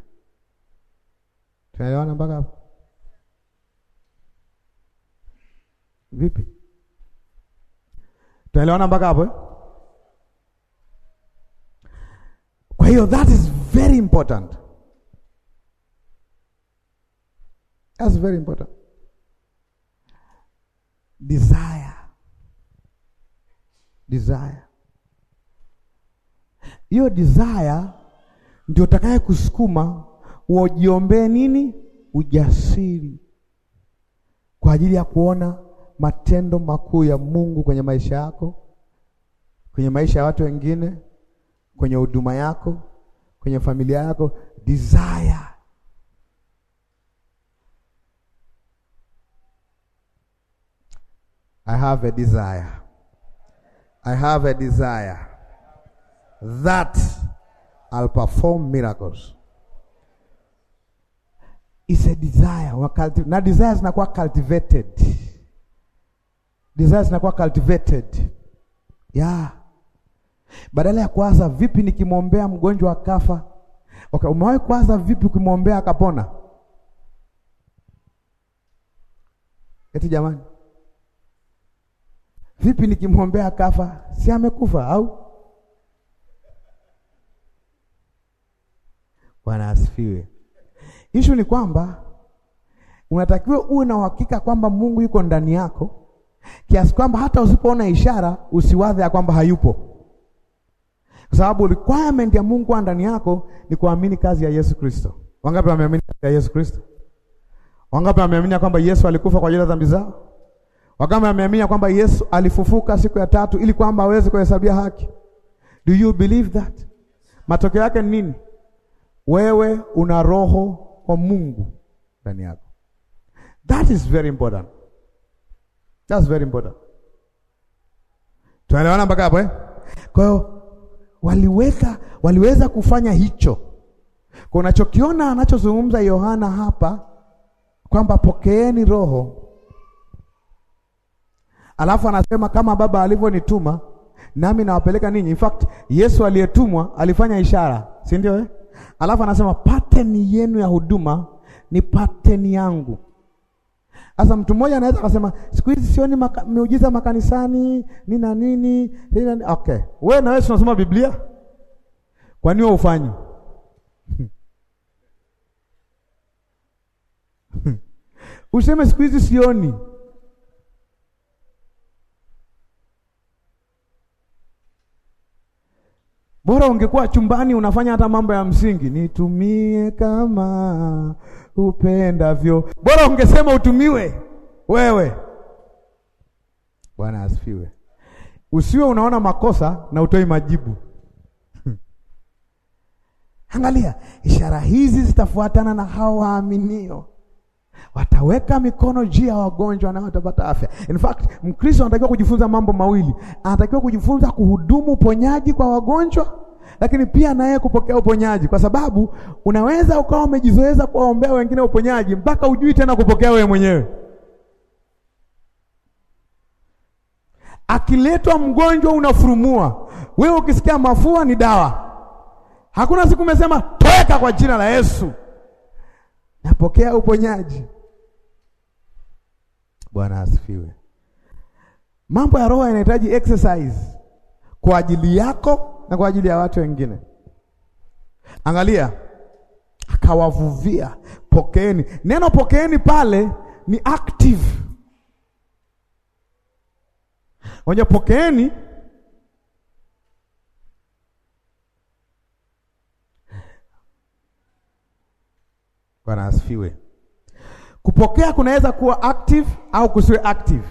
Tunaelewana mpaka hapo? Vipi? Tunaelewana mpaka hapo eh? Kwa hiyo that is very important. That's very important desire desire. Hiyo desire ndio utakaye kusukuma ujiombee nini? Ujasiri kwa ajili ya kuona matendo makuu ya Mungu kwenye maisha yako, kwenye maisha ya watu wengine, kwenye huduma yako, kwenye familia yako. Desire I have a desire. I have a desire that I'll perform miracles. It's a desire. Now desires zinakuwa cultivated. Desires zinakuwa cultivated. Yeah. Badala ya kuwaza vipi nikimwombea mgonjwa akafa. Okay, umewahi kuwaza vipi ukimwombea akapona? Eti jamani Vipi nikimwombea kafa, si amekufa au? Bwana asifiwe. Ishu ni kwamba unatakiwa uwe na uhakika kwamba Mungu yuko ndani yako kiasi kwamba hata usipoona ishara usiwadhe ya kwamba hayupo, kwa sababu requirement ya Mungu ndani yako ni kuamini kazi ya Yesu Kristo. Wangapi wameamini kazi ya Yesu Kristo? Wangapi wameamini kwamba Yesu alikufa kwa ajili ya dhambi zao? Wakama ameamini kwamba Yesu alifufuka siku ya tatu ili kwamba aweze kuhesabia haki. Do you believe that? Matokeo yake ni nini? Wewe una roho wa Mungu ndani yako. That is very important. That's very important. Tunaelewana mpaka hapo eh? Kwa hiyo waliweza waliweza kufanya hicho. Kwa unachokiona anachozungumza Yohana hapa kwamba pokeeni roho Alafu anasema kama Baba alivyonituma nami nawapeleka ninyi. In fact, Yesu aliyetumwa alifanya ishara, si ndio? Eh, alafu anasema pateni yenu ya huduma ni pateni yangu. Sasa mtu mmoja anaweza akasema siku hizi sioni maka, miujiza makanisani na nini nina, okay, wewe na wewe tunasoma Biblia, kwa nini ufanyi? Useme siku hizi sioni Bora ungekuwa chumbani unafanya hata mambo ya msingi, nitumie kama upendavyo. Bora ungesema utumiwe wewe. Bwana asifiwe. Usiwe unaona makosa na utoi majibu. Angalia, ishara hizi zitafuatana na hao waaminio wataweka mikono juu ya wagonjwa na watapata afya. In fact, Mkristo anatakiwa kujifunza mambo mawili. Anatakiwa kujifunza kuhudumu uponyaji kwa wagonjwa, lakini pia naye kupokea uponyaji, kwa sababu unaweza ukawa umejizoeza kuwaombea wengine uponyaji mpaka ujui tena kupokea wewe mwenyewe. Akiletwa mgonjwa unafurumua wewe, ukisikia mafua ni dawa. Hakuna siku umesema toweka kwa jina la Yesu, napokea uponyaji. Bwana asifiwe. Mambo ya roho yanahitaji exercise kwa ajili yako na kwa ajili ya watu wengine. Angalia, akawavuvia, pokeeni. Neno pokeeni pale ni active. Wenye pokeeni Bwana asifiwe. Kupokea kunaweza kuwa active au kusiwe active,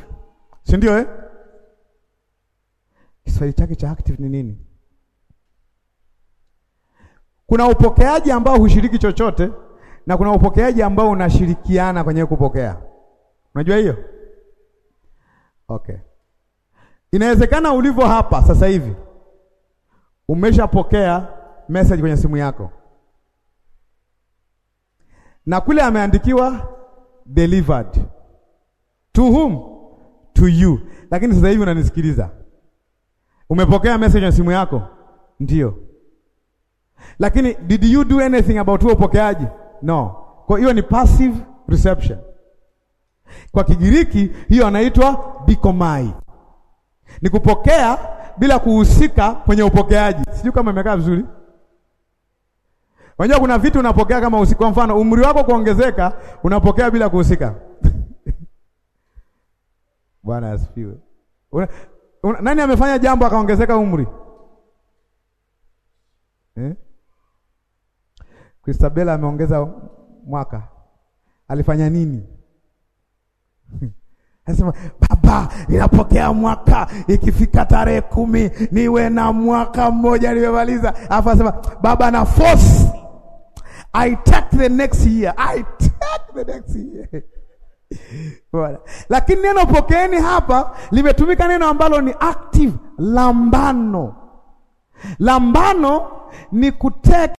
si ndio eh? Kiswahili chake cha active ni nini? Kuna upokeaji ambao hushiriki chochote na kuna upokeaji ambao unashirikiana kwenye kupokea. Unajua hiyo? Okay. Inawezekana ulivyo hapa sasa hivi umeshapokea message kwenye simu yako na kule ameandikiwa delivered to whom? To you. Lakini sasa hivi unanisikiliza, umepokea message ya simu yako? Ndio. Lakini did you do anything about huo upokeaji? No. Kwa hiyo ni passive reception. Kwa Kigiriki hiyo anaitwa dikomai, ni kupokea bila kuhusika kwenye upokeaji. Sijui kama imekaa vizuri. Unajua kuna vitu unapokea kama usiku, kwa mfano umri wako kuongezeka, unapokea bila kuhusika. Bwana asifiwe. Nani amefanya jambo akaongezeka umri? Eh? Kristabela ameongeza mwaka. Alifanya nini? Anasema baba, inapokea mwaka, ikifika tarehe kumi niwe na mwaka mmoja nimemaliza. Alafu anasema baba na force I take the next year. I take the next year. Bora. Lakini neno pokeeni hapa limetumika neno ambalo ni active lambano. Lambano ni kuteka